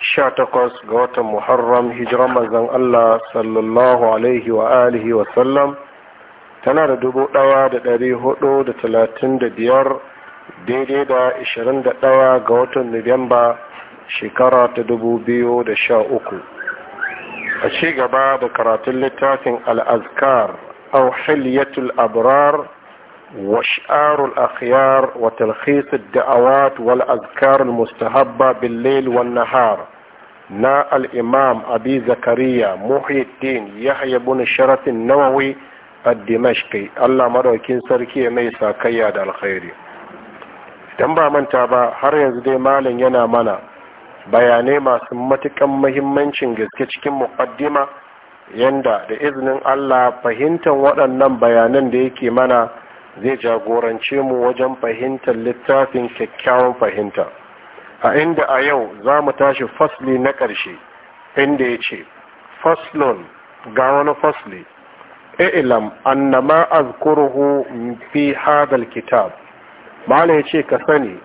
sha takwas ga watan muharram hijiran mazan Allah sallallahu alaihi wa alihi wa sallam tana da dubu ɗawa da dari hudu da talatin da biyar daidai da ishirin da ɗawa ga watan nuwamba shekara ta dubu biyu da sha uku a ci gaba da karatun littafin al'azkar au hilyatul abrar da'awat wal وتلخيص mustahabba bil المستهبة wan nahar na al'imam abi zakariya muhiddin yahya bin sharafin nawawi a dimashki allah maɗaukin sarki mai sakayya da alkhairi don ba manta ba har yanzu dai malam yana mana bayanai masu matukan mahimmancin gaske cikin muqaddima yanda da izinin allah fahimtar waɗannan bayanan da yake mana zai jagorance mu wajen fahimtar littafin kyakkyawan fahimta a inda a yau za mu tashi fasli na ƙarshe inda ya ce faslon ga wani fasli ilam annama azkuruhu fi hadal kitab mala ya ce ka sani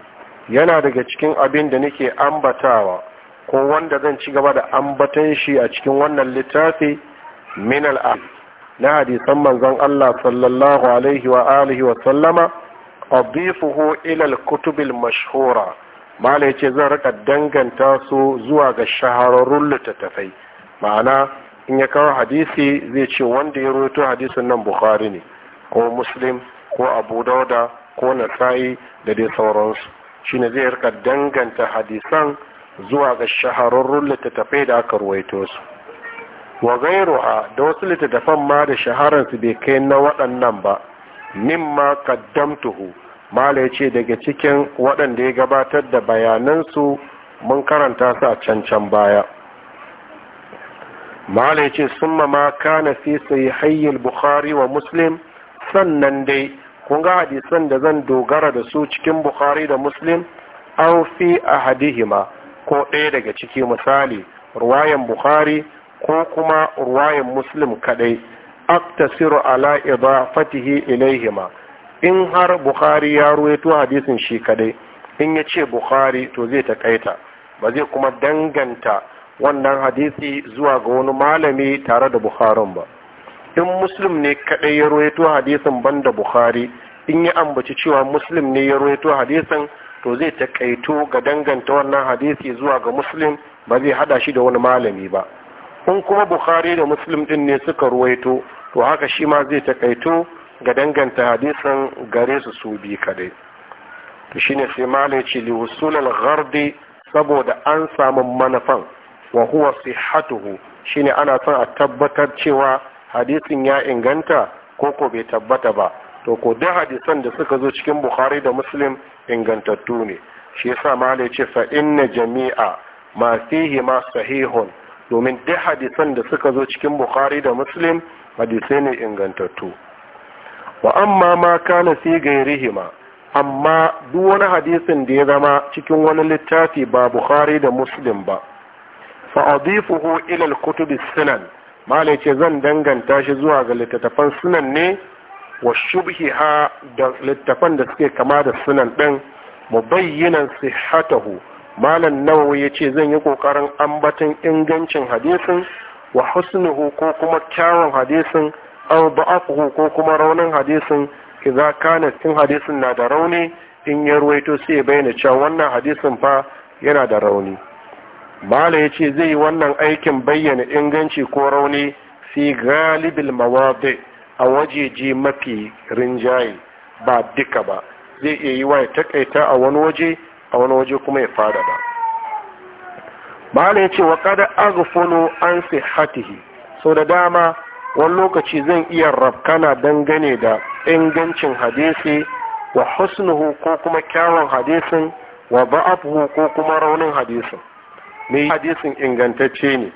yana daga cikin abin da nake ambatawa ko wanda zan ci gaba da ambatan shi a cikin wannan littafi min al'ad na hadisan manzon Allah sallallahu alaihi wa alihi wa sallama adifuhu ila al-kutub al-mashhura mala ya ce zan rika danganta su zuwa ga shahararrun littattafai ma'ana in ya kawo hadisi zai ce wanda ya roto hadisin nan bukhari ne ko muslim ko abu dauda ko nasa'i da dai sauransu shine zai rika danganta hadisan zuwa ga shahararrun littattafai da aka ruwaito su wa gairuha da wasu littattafan ma da shahararsu bai kai na waɗannan ba mimma kaddamtuhu mala ce daga cikin waɗanda ya gabatar da bayanansu mun karanta su a cancan baya mala ce sun ma kana fi sai hayyul bukhari wa muslim sannan dai kun ga hadisan da zan dogara da su cikin bukhari da muslim an fi a hadihima ko ɗaya daga ciki misali ruwayan bukhari ko kuma ruwayan muslim kadai aktasiru ala idafatihi ilaihima in har bukhari ya ruwaito hadisin shi kadai in ya ce bukhari to zai takaita ba zai kuma danganta wannan hadisi zuwa ga wani malami tare da bukharin ba in muslim ne kadai ya ruwaito hadisin banda bukhari in ya ambaci cewa muslim ne ya ruwaito hadisin to zai takaito ga danganta wannan hadisi zuwa ga muslim ba zai hada shi da wani malami ba in kuma bukhari da muslim din ne suka ruwaito to haka shi ma zai takaito ga danganta hadisin gare su su bi kadai to shine sai malai ce li wusulul ghardi saboda an samu manafan wa huwa sihhatuhu shine ana son a tabbatar cewa hadisin ya inganta ko ko bai tabbata ba to ko da hadisan da suka zo cikin bukhari da muslim ingantattu ne shi yasa malai ce fa inna jami'a ma fihi ma sahihun domin duk hadisan da suka zo cikin bukhari da muslim hadisai ne ingantattu wa amma ma kana fi gairihima amma duk wani hadisin da ya zama cikin wani littafi ba bukhari da muslim ba fa adifuhu ila al-kutub sunan malai ce zan danganta shi zuwa ga littattafan sunan ne wa shubhiha da littattafan da suke kama da sunan din mubayyinan sihhatahu malam nawawi yace zan yi kokarin ambaton ingancin hadisin wa husnuhu ko kuma kyawun hadisin aw da'afuhu ko kuma raunin hadisin idza kana tin hadisin na da rauni in ya ruwaito sai ya bayyana cewa wannan hadisin fa yana da rauni mala yace zai yi wannan aikin bayyana inganci ko rauni fi galibil mawadi a wajeje mafi rinjaye ba duka ba zai iya yi wa ya takaita a wani waje a wani waje kuma ya ba mala yace wa qad aghfulu an sihhatihi so da dama wani lokaci zan iya rafkana dangane da ingancin hadisi wa husnuhu ko kuma kyawun hadisin wa ba'afuhu ko kuma raunin hadisin mai hadisin ingantacce ne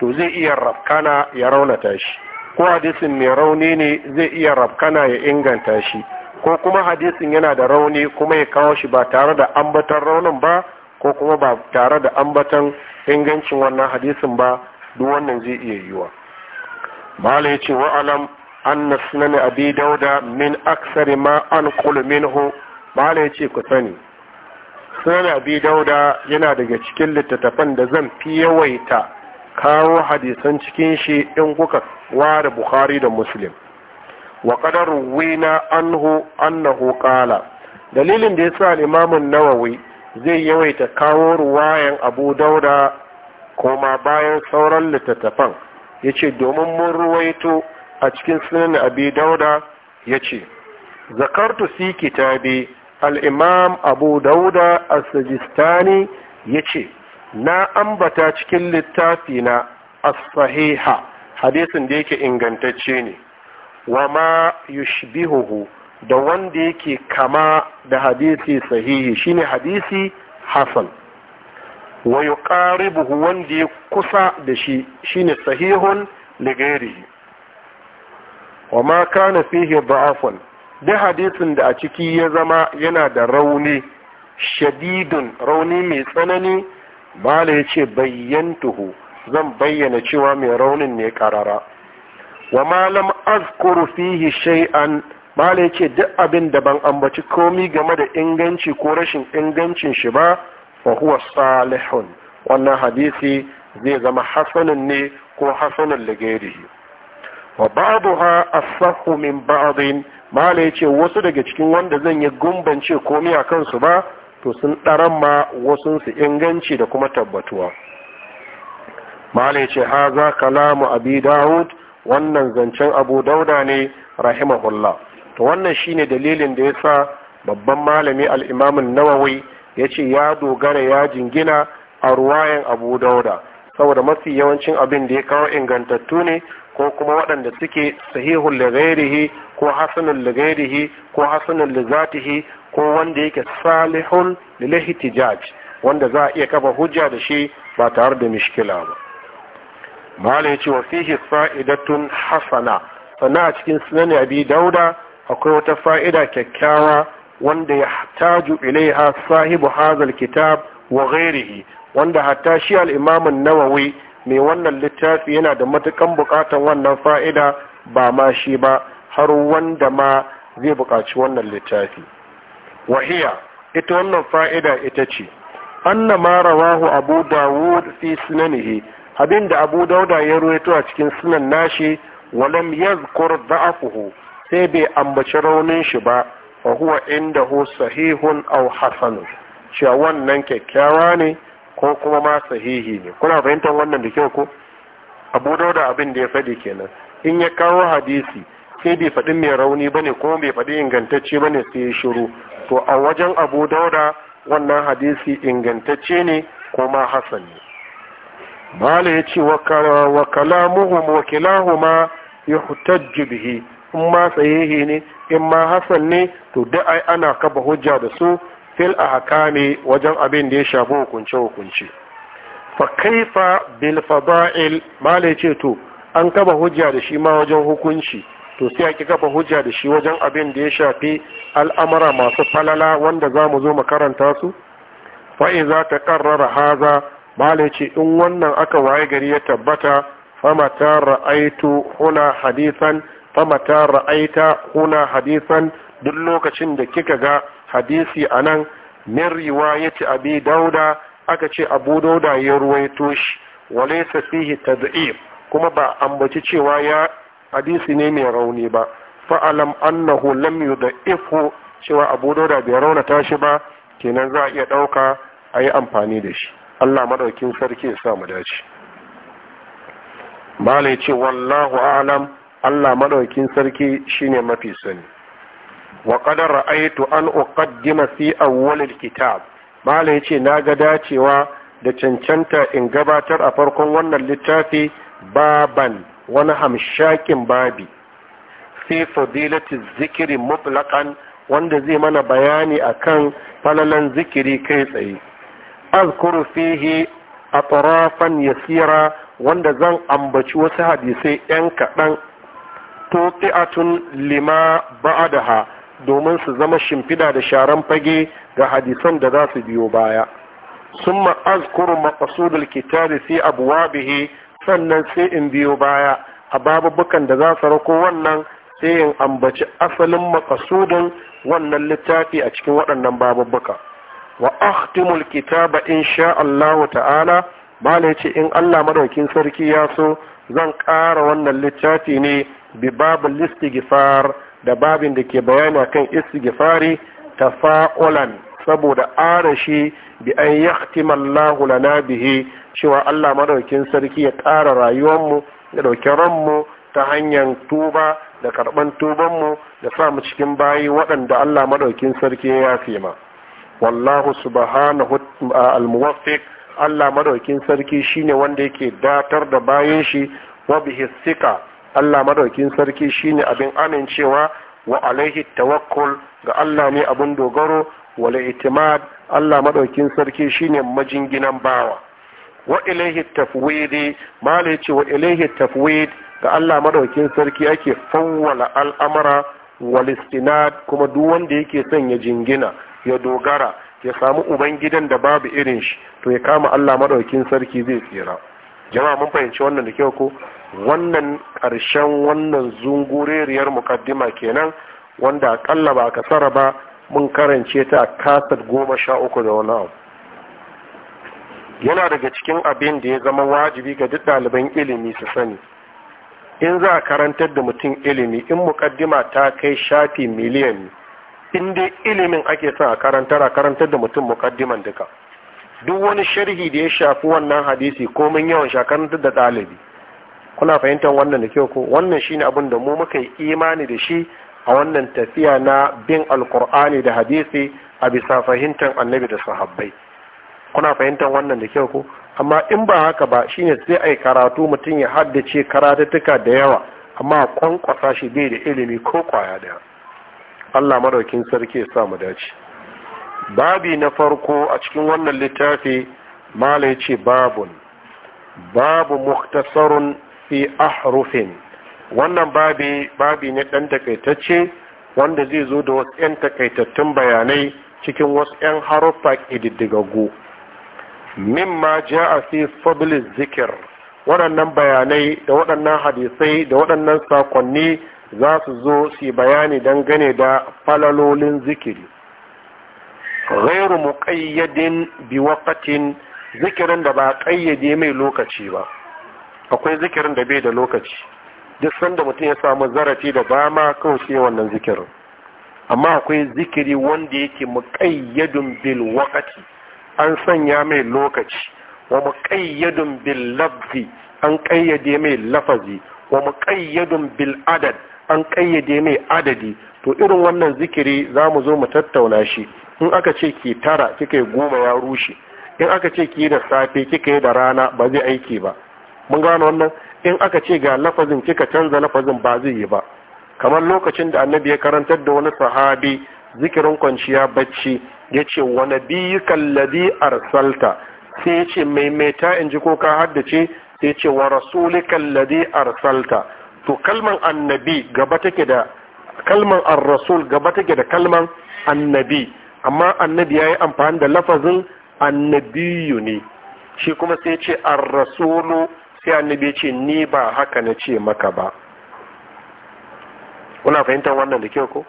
to zai iya rafkana ya raunata shi ko hadisin mai rauni ne zai iya rafkana ya inganta shi ko kuma hadisin yana da rauni kuma ya kawo shi ba tare da ambatan raunin ba ko kuma ba tare da ambatan ingancin wannan hadisin ba duk wannan zai iya yiwa mala yace wa alam anna sunan abi dauda min aksari ma an minhu mala ce ku sani sunan abi dauda yana daga cikin littattafan da zan fi yawaita kawo hadisan cikin shi in kuka ware bukhari da muslim wa qadar ruwina anhu annahu qala dalilin da yasa sa limamin nawawi zai yawaita kawo ruwayan abu dauda koma bayan sauran littattafan ya ce domin mun ruwaito a cikin sunan abi dauda ya ce zakartu si kitabi al'imam abu dauda a sajistani ya ce na ambata cikin littafi na asfahiha sahiha hadisin da yake ingantacce ne wa ma yushbihuhu da wanda yake kama da hadisi sahihi shine hadisi hasan wa yuqaribuhu wanda ya kusa da shi shine sahihun li wa ma kana fihi da'afun da hadisin da a ciki ya zama yana da rauni shadidun rauni mai tsanani bala ya ce bayyantuhu zan bayyana cewa mai raunin ne karara wa malam azkuru fihi shay'an bala ya ce duk abin da ban ambaci komi game da inganci ko rashin ingancin shi ba fa huwa salihun wannan hadisi zai zama hasanun ne ko hasanun lagairihi wa babu as Asahumin min ba'din ya ce wasu daga cikin wanda zan yi gumbance komai a kansu ba to sun ɗaran ma wasu su inganci da kuma tabbatuwa mala haza kalamu abi daud wannan zancen abu dauda ne rahimahullah to wannan shine dalilin da yasa babban malami al-imam an-nawawi ya ce ya dogara ya jingina a ruwayan abu dauda saboda mafi yawancin abin da ya kawo ingantattu ne ko kuma waɗanda suke sahihun lagairihi ko hasanun lagairihi ko hasanun lizatihi ko wanda yake salihun lilahitijaj wanda za a iya kafa hujja da shi ba tare da mishkila ba malai ce wa fihi fa'idatun hasana sannan a cikin sunan abi dauda akwai wata fa'ida kyakkyawa wanda ya taju ilaiha sahibu hazal kitab wa ghairihi wanda hatta shi al-imam nawawi mai wannan littafi yana da matukan bukatan wannan fa'ida ba ma shi ba har wanda ma zai bukaci wannan littafi wahiya ita wannan fa'ida ita ce anna ma rawahu abu dawud fi sunanihi abinda abu dauda ya ruwaito a cikin sunan nashi walam yazkur da'afuhu sai bai ambaci raunin shi ba wa huwa indahu sahihun aw hasanun cewa wannan kyakkyawa ne ko kuma ma sahihi ne kuna fahimtar wannan da kyau ko abu da abin da ya faɗi kenan in ya kawo hadisi sai bai faɗi mai rauni ba ne kuma bai faɗi ingantacce ba ne sai ya shiru to a wajen abu da wannan hadisi ingantacce ne kuma hasan ne mala ya ce wa kalamuhum wa kilahuma yuhtajju bihi in ma sahihi ne in ma hasan ne to da ai ana kafa hujja da su fil ahkami wajen abin da ya shafi hukunce hukunce fa kaifa bil fada'il male ce to an kafa hujja da shi ma wajen hukunci to sai ake kafa hujja da shi wajen abin da ya shafi al'amara masu falala wanda za mu zo mu karanta su Fa'iza za ta karrara haza malai ce in wannan aka waye gari ya tabbata fama ta ra'aitu huna hadisan famata ra'aita kuna hadisan duk lokacin da kika ga hadisi a anan min riwayati abi dauda aka ce abu dauda ya ruwaito shi walaysa fihi tad'if kuma ba ambaci cewa ya hadisi ne mai rauni ba fa'alam annahu lam yudha'ifhu cewa abu dauda bai raunata shi ba kenan za a iya ɗauka a yi amfani da shi allah maɗaukin sarki ya sa mu dace malai ce wallahu alam Allah maɗaukin sarki shine mafi sani wa qad ra'aytu an uqaddima fi awwal kitab malam yace na ga dacewa da cancanta in gabatar a farkon wannan littafi baban wani hamshakin babi fi fadilati zikiri mutlaqan wanda zai mana bayani akan falalan zikiri kai tsaye azkuru fihi atrafan yasira wanda zan ambaci wasu hadisai yan kaɗan tuqi'atun lima ba'adaha domin su zama shimfida da sharan fage ga hadisan da za su biyo baya sun azkuru maqsudul kitabi fi abwabihi sannan sai in biyo baya a babubukan da za su rako wannan sai in ambaci asalin maƙasudin wannan littafi a cikin waɗannan babubuka wa akhtimul kitaba insha Allah ta'ala bala ce in Allah madaukin sarki ya so zan ƙara wannan littafi ne bi babul istighfar da babin da ke bayani kan istighfari tafa'ulan saboda arashi bi an yahtima Allahu lana bihi cewa Allah madaukin sarki ya ƙara rayuwarmu da ɗauki ranmu ta hanyar tuba da karɓan tubanmu da sa mu cikin bayi waɗanda Allah madaukin sarki ya yafe ma wallahu subhanahu al-muwaffiq Allah madaukin sarki shine wanda yake datar da bayan shi wa bihi sika Allah madaukin sarki shine abin amincewa wa alaihi tawakkul ga Allah ne abin dogaro wa itimad Allah madaukin sarki shine majinginan bawa wa ilaihi tafwidi mala yace wa ilaihi tafwid ga Allah madaukin sarki ake fawwala al'amara wal istinad kuma duk wanda yake son ya jingina ya dogara ya samu ubangidan da babu irin shi to ya kama Allah madaukin sarki zai tsira jama'a mun fahimci wannan da kyau ko wannan ƙarshen wannan zungureriyar mukaddima kenan wanda aƙalla ba ka tsara ba mun karance ta kasar goma sha uku da wani abu yana daga cikin abin da ya zama wajibi ga duk ɗaliban ilimi su sani in za a karantar da mutum ilimi in mukaddima ta kai shafi miliyan in dai ilimin ake son a karantar a karantar da mutum mukaddiman duka duk wani sharhi da ya shafi wannan hadisi ko komin yawan shakarantar da ɗalibi kuna fahimtar wannan da kyau ko wannan shine abin da mu muka yi imani da shi a wannan tafiya na bin alkur'ani da hadisi a bisa fahimtar annabi da sahabbai kuna fahimtar wannan da kyau ko amma in ba haka ba shine sai ai karatu mutum ya haddace karatattuka da yawa amma kwankwasa shi bai da ilimi ko kwaya daya Allah madaukin sarki ya sa mu dace babi na farko a cikin wannan littafi mala ya ce babun babu muktasarun fi ahrufin wannan babi babi ne ɗan takaitacce wanda zai zo da wasu 'yan takaitattun bayanai cikin wasu 'yan haruffa ƙididdigaggu mimma ja a fi fablis zikir waɗannan bayanai da waɗannan hadisai da waɗannan sakonni za su zo su bayani dangane da falalolin zikiri ghairu muƙayyadin bi waqatin zikirin da ba ƙayyade mai lokaci ba akwai zikirin da bai da lokaci duk sanda mutum ya samu zarafi da dama kawai sai wannan zikirin amma akwai zikiri wanda yake muƙayyadun bil wakati an sanya mai lokaci wa muƙayyadun bil lafzi an ƙayyade mai lafazi wa muƙayyadun bil adad an kayyade mai adadi to irin wannan zikiri za mu zo mu tattauna shi in aka ce ki tara kika yi goma ya rushe in aka ce ki yi da safe kika yi da rana ba zai aiki ba mun gano wannan in aka ce ga lafazin kika canza lafazin ba zai yi ba kamar lokacin da annabi ya karantar da wani sahabi zikirin kwanciya bacci ya ce wa nabiyuka alladhi arsalta sai ya ce mai maimaita in ji ko ka haddace sai ya ce wa rasuli alladhi arsalta to kalman annabi gaba take da kalman ar-rasul gaba take da kalman annabi amma annabi ya yi amfani da lafazin annabiyu ne shi kuma sai ya ce ar sai annabi ya ce ni ba haka na ce maka ba kuna fahimtar wannan da kyau ko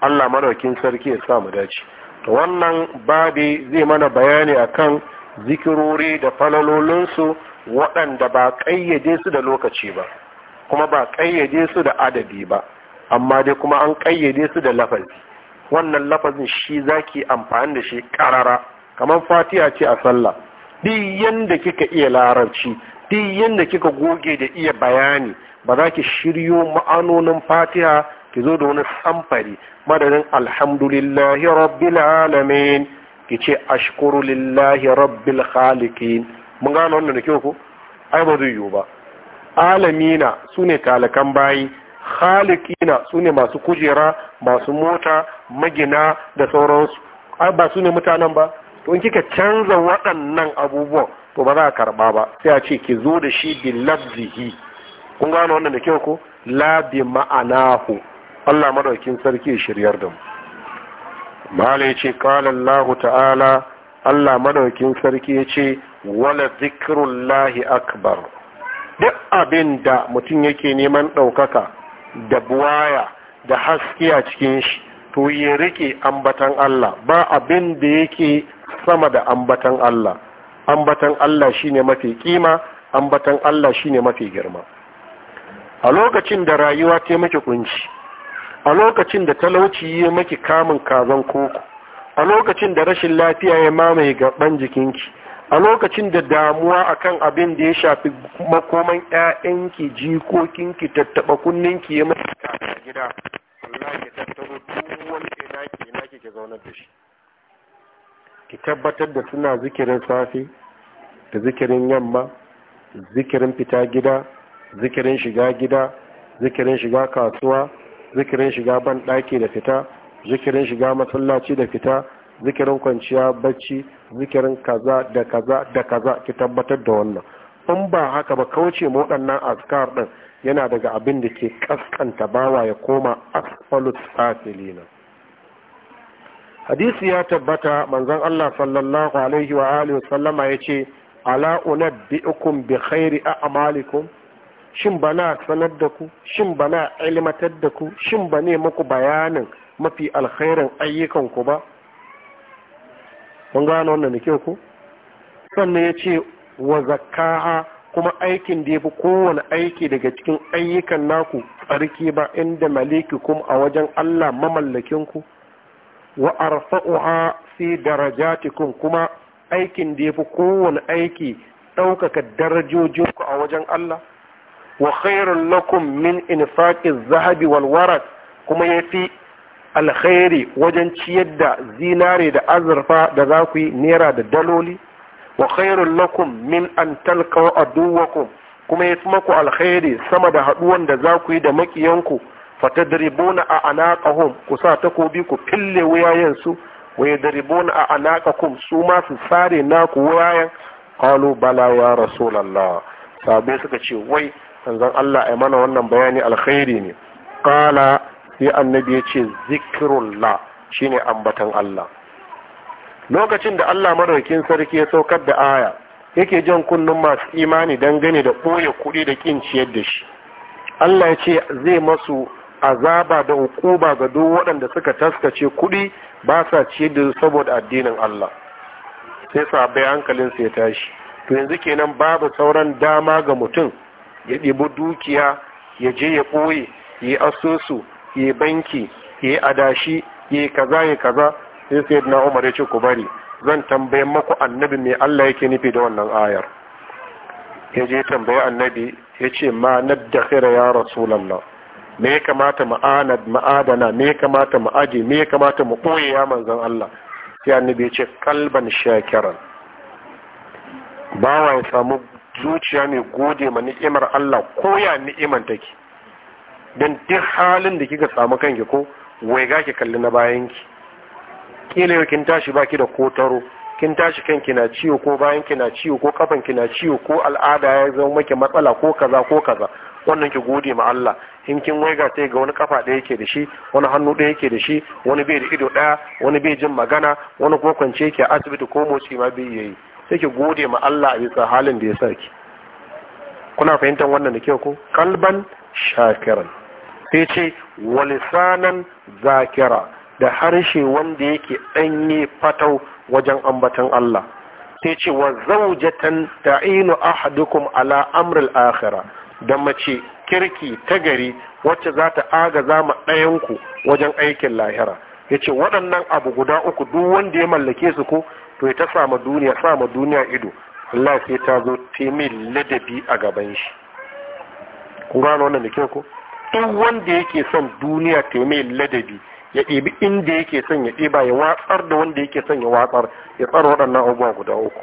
Allah madaukin sarki ya sa mu dace to wannan babi zai mana bayani akan zikirori da falalolinsu waɗanda ba ƙayyade su da lokaci ba kuma ba ƙayyade su da adadi ba amma dai kuma an ƙayyade su da lafazi wannan lafazin shi zaki amfani da shi ƙarara kamar fatiha ce a sallah duk yanda kika iya larabci duk yadda kika goge da iya bayani ba za ki shiryo ma'anonin fatiha ki zo da wani samfari madadin alhamdulillahi rabbil alamin ki ce ashkuru lillahi rabbil khaliqin mun gano wannan da kyau ko ai ba zai yiwu ba alamina ne talakan bayi khaliqina ne masu kujera masu mota magina da sauransu ai ba su ne mutanen ba to in kika canza waɗannan abubuwan to ba za a karba ba sai a ce ki zo da shi bi lafzihi kun gano wannan da kyau ko la bi ma'anahu Allah madaukin sarki shiryar da mu malai ce qala Allah ta'ala Allah madaukin sarki ya ce wala zikrullahi akbar duk abin da mutum yake neman ɗaukaka da buwaya da haske a cikin shi to ya rike ambatan Allah ba abin da yake sama da ambatan Allah ambatan Allah shine mafi kima ambatan Allah shine mafi girma a lokacin da rayuwa ta miki kunci a lokacin da talauci ya maki kamun kazan koko a lokacin da rashin lafiya ya mamaye gaban jikinki a lokacin da damuwa akan abin da ya shafi makoman 'ya'yanki, jikokinki tattaba kunninki ya maki gida Allah ya tattaro duk wani ina ki ina zaunar da shi ki tabbatar da suna zikirin safe da zikirin yamma zikirin fita gida zikirin shiga gida zikirin shiga kasuwa zikirin shiga ban ɗaki da fita zikirin shiga masallaci da fita zikirin kwanciya bacci zikirin kaza da kaza da kaza ki tabbatar da wannan in ba haka ba kauce ma waɗannan askar ɗin yana daga abin da ke kaskanta bawa ya koma asfalus asilinan. hadisi ya tabbata manzon Allah sallallahu alaihi wa alihi wa sallama yace ala unabbiukum bi khairi a'malikum shin bana sanar da ku shin bana ilmatar da ku shin bane muku bayanin mafi alkhairin ayyukan ku ba Mun gano wannan da ku sannan yace ce wa zakkaha kuma aikin da yafi fi kowane aiki daga cikin ayyukan naku tsarki ba inda maliki kum a wajen Allah mamallakin ku wa arfa'uha fi darajatikum kuma aikin da yafi kowane aiki ɗaukaka ku a wajen Allah wa khairun lakum min infaqi zahabi wal warad kuma yafi alkhairi wajen ciyar da zinare da azurfa da za ku yi naira da daloli wa khairun lakum min an talqa aduwakum kuma yafi maku alkhairi sama da haduwan da za ku yi da makiyanku Fata fatadribuna a anaqahum ku sa takobi ku fille wayayen su wa yadribuna a anaqakum su ma su sare naku wayayen kalu bala ya rasulallah sabai suka ce wai sanzan Allah ai mana wannan bayani alkhairi ne qala sai annabi ya ce zikrullah shine ambatan Allah lokacin da Allah madaukakin sarki ya saukar da aya yake jan kunnun masu imani dangane da ɓoye kuɗi da ƙin ciyar da shi Allah ya ce zai masu azaba da hukuma ga duk waɗanda suka taskace kuɗi ba sa ciyar da saboda addinin Allah sai bai hankalin sai tashi to yanzu kenan babu sauran dama ga mutum ya ɗibi dukiya ya je ya ɓoye ya asusu ya banki ya adashi ya kaza ya kaza sai sai na umar ya ce ku bari zan tambaye maku annabi mai Allah yake nufi da wannan ayar ya je tambaye annabi ya ce ma nadda ya rasulallah me ya kamata ma'anad ma'adana me ya kamata mu aje me ya kamata mu koye ya manzon Allah sai annabi ya ce kalban shakiran bawa ya samu zuciya mai gode ma ni'imar Allah ko ya ni'iman take don duk halin da kika samu kanki ko wai ga ki kalli na bayan ki kila yau kin tashi baki da kotaro kin tashi kanki na ciwo ko bayan ki na ciwo ko kafan ki na ciwo ko al'ada ya zama maki matsala ko kaza ko kaza wannan ki gode ma Allah in kin waiga sai ga wani kafa ɗaya yake da shi wani hannu ɗaya yake da shi wani bai da ido ɗaya wani bai jin magana wani ko kwance yake a asibiti ko motsi ma bai yi sai ki gode ma Allah a bisa halin da ya sa ki kuna fahimtar wannan da kyau ko kalban shakiran sai ce walisanan zakira da harshe wanda yake ɗanye fatau wajen ambatan Allah sai ce wa zaujatan ta'inu ahadukum ala amril akhirah da mace kirki ta gari wacce za ta agaza ma ɗayanku wajen aikin lahira ya ce waɗannan abu guda uku duk wanda ya mallake su ko to ya ta sama duniya sama duniya ido Allah sai ta zo teme ladabi a gaban shi kun gano wannan da kyau ko duk wanda yake son duniya teme ladabi ya ɗebi inda yake son ya ɗeba ya watsar da wanda yake son ya watsar ya tsara waɗannan abubuwa guda uku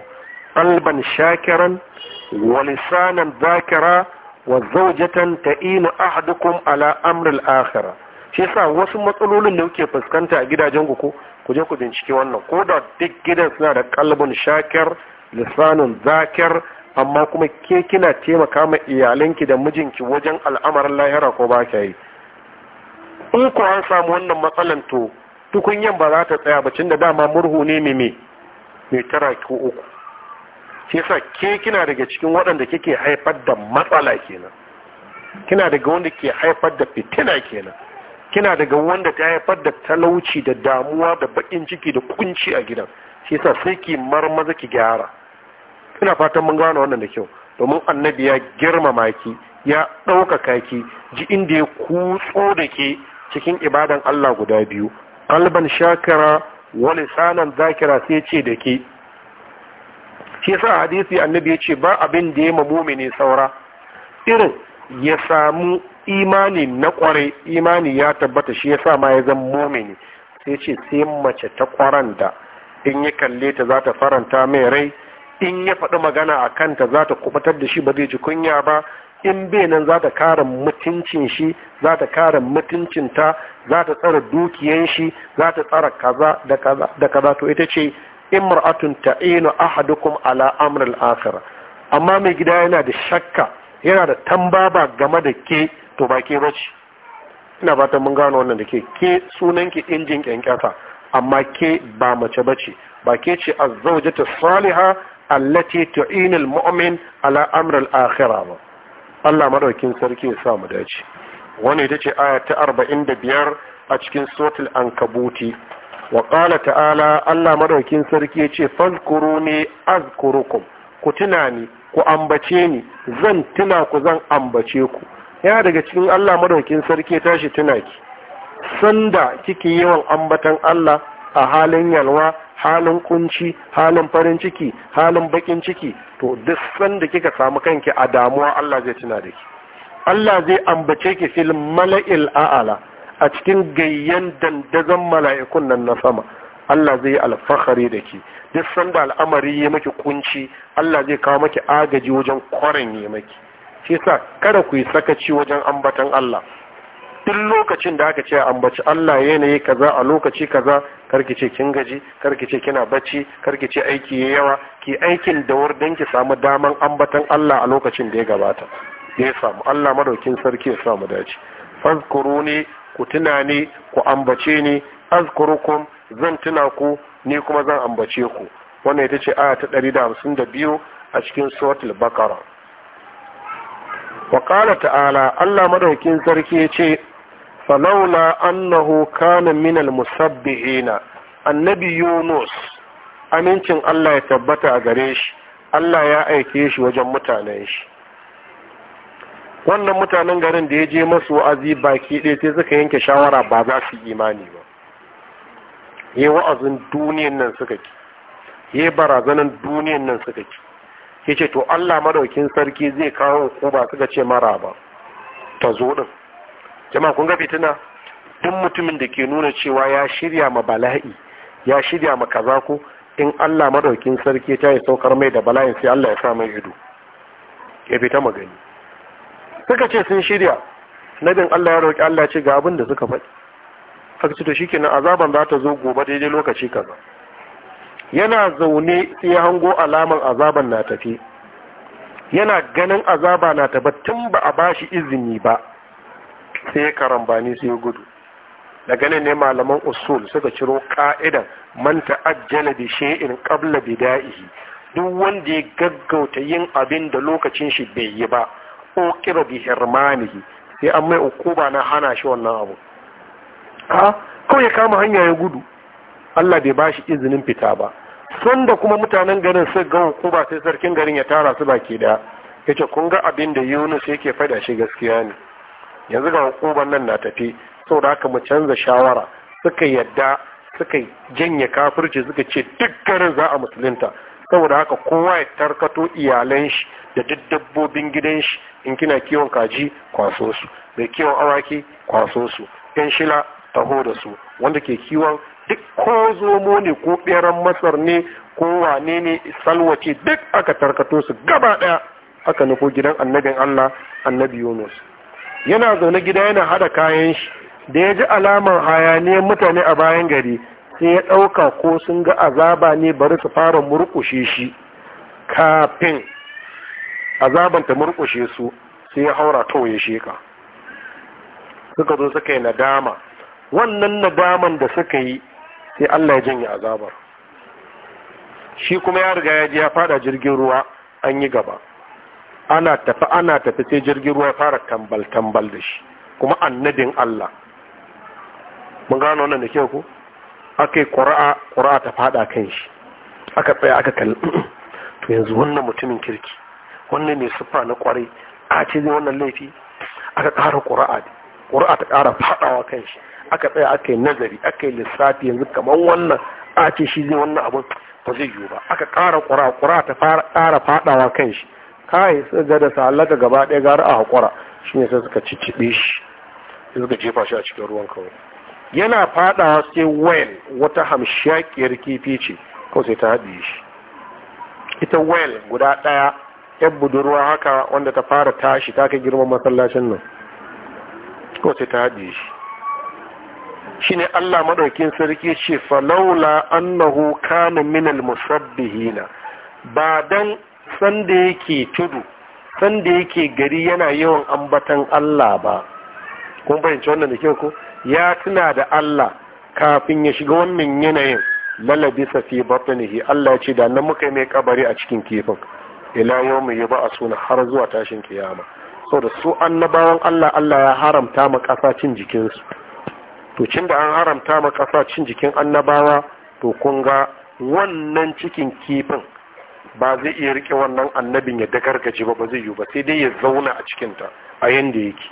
alban shakiran walisanan zakira wa zaujatan ina ahadukum ala amril akhira shi yasa wasu matsalolin da kuke fuskanta a gidajen ku ku je ku bincike wannan ko da duk gidan suna da kalbin shakir lisanin zakir amma kuma ke kina taimaka ma iyalanki da mijinki wajen al'amarin lahira ko ba ka yi in ku an samu wannan matsalan to tukunyan ba za ta tsaya ba cin da dama murhu ne meme mai tara ko uku shi yasa ke kina daga cikin waɗanda kike haifar da matsala kenan kina daga wanda ke haifar da fitina kenan kina daga wanda ta haifar da talauci da damuwa da baƙin ciki da kunci a gidan shi yasa sai ki marmaza ki gyara ina fatan mun gano wannan da kyau domin annabi ya girmama ki ya ɗaukaka ki ji inda ya kutso da ke cikin ibadan Allah guda biyu kalban shakara wani sanan zakira sai ce da ke shi sa hadisi annabi ya ce ba abin da ya ma mumini saura irin ya samu imani na kware imani ya tabbata shi yasa ma ya zama mumini sai ce sai mace ta kwaranta in ya kalle ta za ta faranta mai rai in ya faɗi magana a kanta za ta kubatar da shi ba zai ji kunya ba in bene nan za ta kara mutuncin shi za ta kara mutuncinta za ta tsara dukiyan shi za ta tsara kaza da kaza to ita ce imra'atun ta'inu ahadukum ala amril akhir amma mai gida yana da shakka yana da tambaba game da ke to ba ke bace ina fatan mun gano wannan da ke ke sunan ki injin kyankyasa amma ke ba mace bace ba ke ce az saliha allati tu'inu almu'min mumin ala amril akhir ba Allah madaukin sarki ya sa mu dace wannan ita ce aya ta 45 a cikin suratul ankabuti Waƙala ta'ala Allah madaukin sarki ce fankuru ne azkurukum ku tuna ni ku ambace ni zan tuna ku zan ambace ku ya daga cikin Allah madaukin sarki tashi tuna ki sanda kike yawan ambatan Allah a halin yalwa halin kunci halin farin ciki halin bakin ciki to duk sanda kika samu kanki a damuwa Allah zai tuna da ki Allah zai ambace ki fil mala'il a'ala a cikin gayyan dandazon mala'ikun nan na sama Allah zai yi alfahari da ke duk sanda al'amari ya maki kunci Allah zai kawo maki agaji wajen kwarin ya maki shi sa kada ku yi sakaci wajen ambatan Allah duk lokacin da aka ce ambaci Allah yanayi kaza a lokaci kaza karki ce kin gaji karki ce kina bacci karki ce aiki ya yawa ki aikin da wardan ki samu daman ambatan Allah a lokacin da ya gabata ya samu Allah madaukin sarki ya samu dace fazkuruni ku tunani ku ambace ni azkurukum zan tuna ku ni kuma zan ambace ku wannan ita ce aya ta 152 a cikin suratul baqara wa qala ta'ala Allah madaukin sarki yace falaula annahu kana min almusabbihina annabi yunus amincin Allah ya tabbata a gare shi Allah ya aike shi wajen mutanen shi wannan mutanen garin da ya je masu wa'azi baki ɗaya sai suka yanke shawara ba za su imani ba yi wa'azin duniyan nan suka ki yi barazanan duniyan nan suka ki ya ce to allah madaukin sarki zai kawo ba suka ce mara ba ta zo ɗin jama'a kun ga fitina duk mutumin da ke nuna cewa ya shirya ma bala'i ya shirya ma kaza ko in allah madaukin sarki ta yi saukar mai da bala'in sai allah ya sa mai ido ya fita magani suka ce sun shirya nabin Allah ya roƙi Allah ce ga abin da suka faɗi aka ce to shikenan azaban za ta zo gobe daidai lokaci kaza yana zaune sai ya hango alaman azaban na tafi yana ganin azaba na tafi tun ba a bashi izini ba sai ya karambani sai ya gudu Da ganin ne malaman usul suka ciro ka'idan man ta'ajjala bi shay'in qabla bida'ihi duk wanda ya gaggauta yin abin da lokacin shi bai yi ba ukira bi hirmanihi sai an mai ukuba na hana shi wannan abu a kawai ya kama hanya ya gudu Allah bai bashi izinin fita ba sun da kuma mutanen garin sai ga hukuma sai sarkin garin ya tara su baki da yace kun ga abin da Yunus yake fada shi gaskiya ne yanzu ga hukumar nan na tafi saboda haka mu canza shawara suka yadda suka janye kafirci suka ce duk garin za a musulunta saboda haka kowa ya tarkato iyalan shi da dabbobin gidan shi in kina kiwon kaji kwaso su mai kiwon awaki kwaso su yan shila taho da su wanda ke kiwon duk ko zomo ne ko beran masar ne ko wane ne salwace duk aka tarkato su gaba ɗaya aka nufo gidan annabin Allah annabi Yunus yana zaune gida yana hada kayan shi da ya ji alamar hayaniyar mutane a bayan gari sai ya ɗauka ko sun ga azaba ne bari su fara murƙushe shi kafin azaban ta murƙushe su sai ya haura kawai ya sheka suka zo suka yi nadama wannan nadaman da suka yi sai Allah ya janye azabar shi kuma ya riga ya ji ya fada jirgin ruwa an yi gaba ana tafi ana tafi sai jirgin ruwa fara tambal tambal da shi kuma annadin Allah mun gano wannan da kyau ko aka yi ƙura'a ƙura'a ta fada kan shi aka tsaya aka kalli to yanzu wannan mutumin kirki wannan ne siffa na kwarai a ce zai wannan laifi aka ƙara ƙura'a ƙura'a ta ƙara faɗawa kan shi aka tsaya aka yi nazari aka yi lissafi yanzu kamar wannan a ce shi zai wannan abun ba zai yiwu ba aka ƙara ƙura'a ƙura'a ta ƙara faɗawa kan shi kai sai ga da sa'allaka gaba ɗaya gara a haƙura shi ne sai suka cicciɓe shi suka jefa shi a cikin ruwan kawai yana faɗawa sai wayan wata hamshakiyar kifi ce kawai sai ta haɗe shi ita wayan guda ɗaya yan budurwa haka wanda ta fara tashi ta kai girman masallacin nan ko sai ta haɗe shi shine Allah maɗaukin sarki ce falaula annahu kana minal musabbihina ba dan sanda yake tudu sanda yake gari yana yawan ambatan Allah ba kun fahimci wannan da kyau ko ya tuna da Allah kafin ya shiga wannan yanayin lalabisa fi batnihi Allah ya ce da nan muka yi mai kabari a cikin kifin ila yawmi yub'asuna har zuwa tashin kiyama saboda su annabawan Allah Allah ya haramta ma ƙasa cin jikinsu to cin da an haramta ma ƙasa cin jikin annabawa to kun ga wannan cikin kifin ba zai iya rike wannan annabin ya dagargaje ba ba zai yiwu ba sai dai ya zauna a cikinta a yanda yake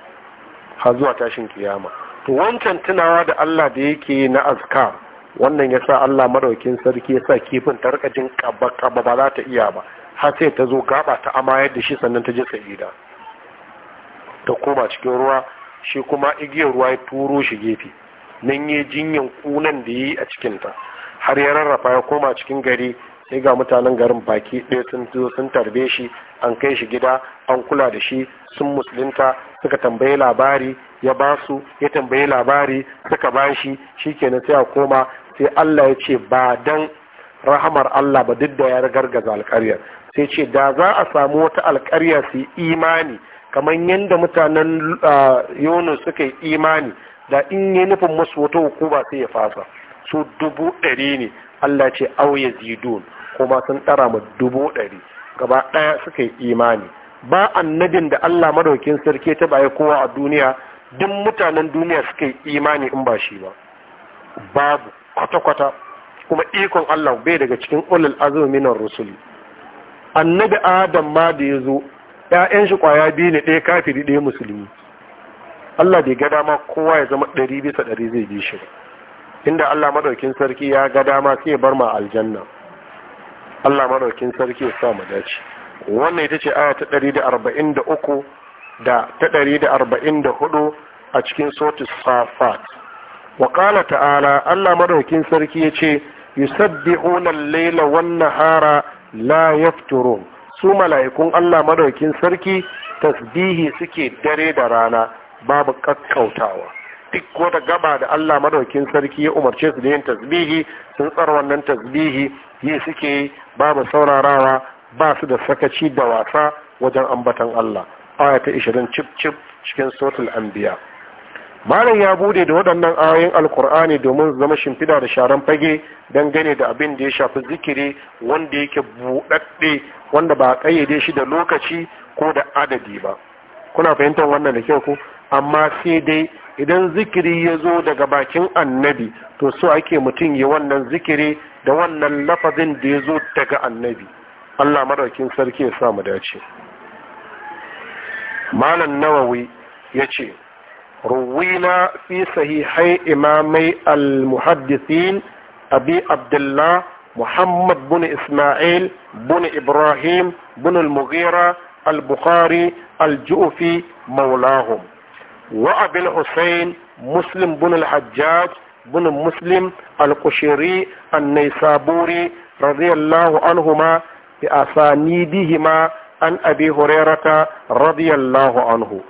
har zuwa tashin kiyama to wancan tunawa da Allah da yake na azka wannan yasa Allah madaukin sarki yasa kifin ta rika jin kaba kaba ba za ta iya ba har sai ta zo gaba ta amayar da shi sannan ta je gida ta koma cikin ruwa shi kuma igiyar ruwa ya turo shi gefe nan ya jinyan kunan da yi a cikinta har ya rarrafa ya koma cikin gari sai ga mutanen garin baki ɗaya sun zo sun tarbe shi an kai shi gida an kula da shi sun musulunta suka tambayi labari ya ba su ya tambayi labari suka ba shi shikenan sai a koma sai Allah ya ce ba dan rahamar Allah ba duk da ya gargaza alƙaryar sai ce da za a samu wata alƙarya su imani kamar yadda mutanen yunus suka yi imani da in yi nufin masu wata hukuma sai ya fasa su dubu ɗari ne allah ce auye zidon kuma sun ɗara ma dubu ɗari gaba ɗaya suka yi imani ba annabin da allah madaukin sarki ta baya kowa a duniya duk mutanen duniya suka yi imani in ba shi ba babu kwata-kwata kuma ikon allah bai daga cikin ulul na rusuli annabi adam ma da ya zo ‘ya'yan shi kwaya biyu ne ɗaya kafiri ɗaya musulmi Allah bai ga dama kowa ya zama ɗari bisa ɗari zai bi shi inda Allah maɗaukin sarki ya ga dama sai ya bar ma aljanna Allah maɗaukin sarki ya sa mu dace wannan ita ce aya ta ɗari da arba'in da uku da ta ɗari da arba'in da hudu a cikin sotis safat wa ta'ala Allah maɗaukin sarki ya ce yusabbihuna al-laila wan-nahara la yafturun su mala'ikun Allah madaukin sarki tasbihi suke dare da rana babu kakkautawa duk wata gaba da Allah madaukin sarki ya umarce su da yin tasbihi sun tsara wannan tasbihi yi suke babu saurarawa ba su da sakaci da wasa wajen ambatan Allah aya ta 20 cip cip cikin suratul anbiya malam ya bude da waɗannan ayoyin alkur'ani domin zama shimfida da sharan fage gane da abin da ya shafi zikiri wanda yake buɗaɗɗe wanda ba a ƙayyade shi da lokaci ko da adadi ba kuna fahimtar wannan da kyau ko amma sai dai idan zikiri ya zo daga bakin annabi to so ake mutum ya wannan zikiri da wannan lafazin da ya zo daga annabi allah madaukin sarki ya sa mu dace malam nawawi ya ce روينا في صحيحي إمامي المحدثين أبي عبد الله محمد بن إسماعيل بن إبراهيم بن المغيرة البخاري الجوفي مولاهم وأبي الحسين مسلم بن الحجاج بن مسلم القشيري النيسابوري رضي الله عنهما بأسانيدهما عن أبي هريرة رضي الله عنه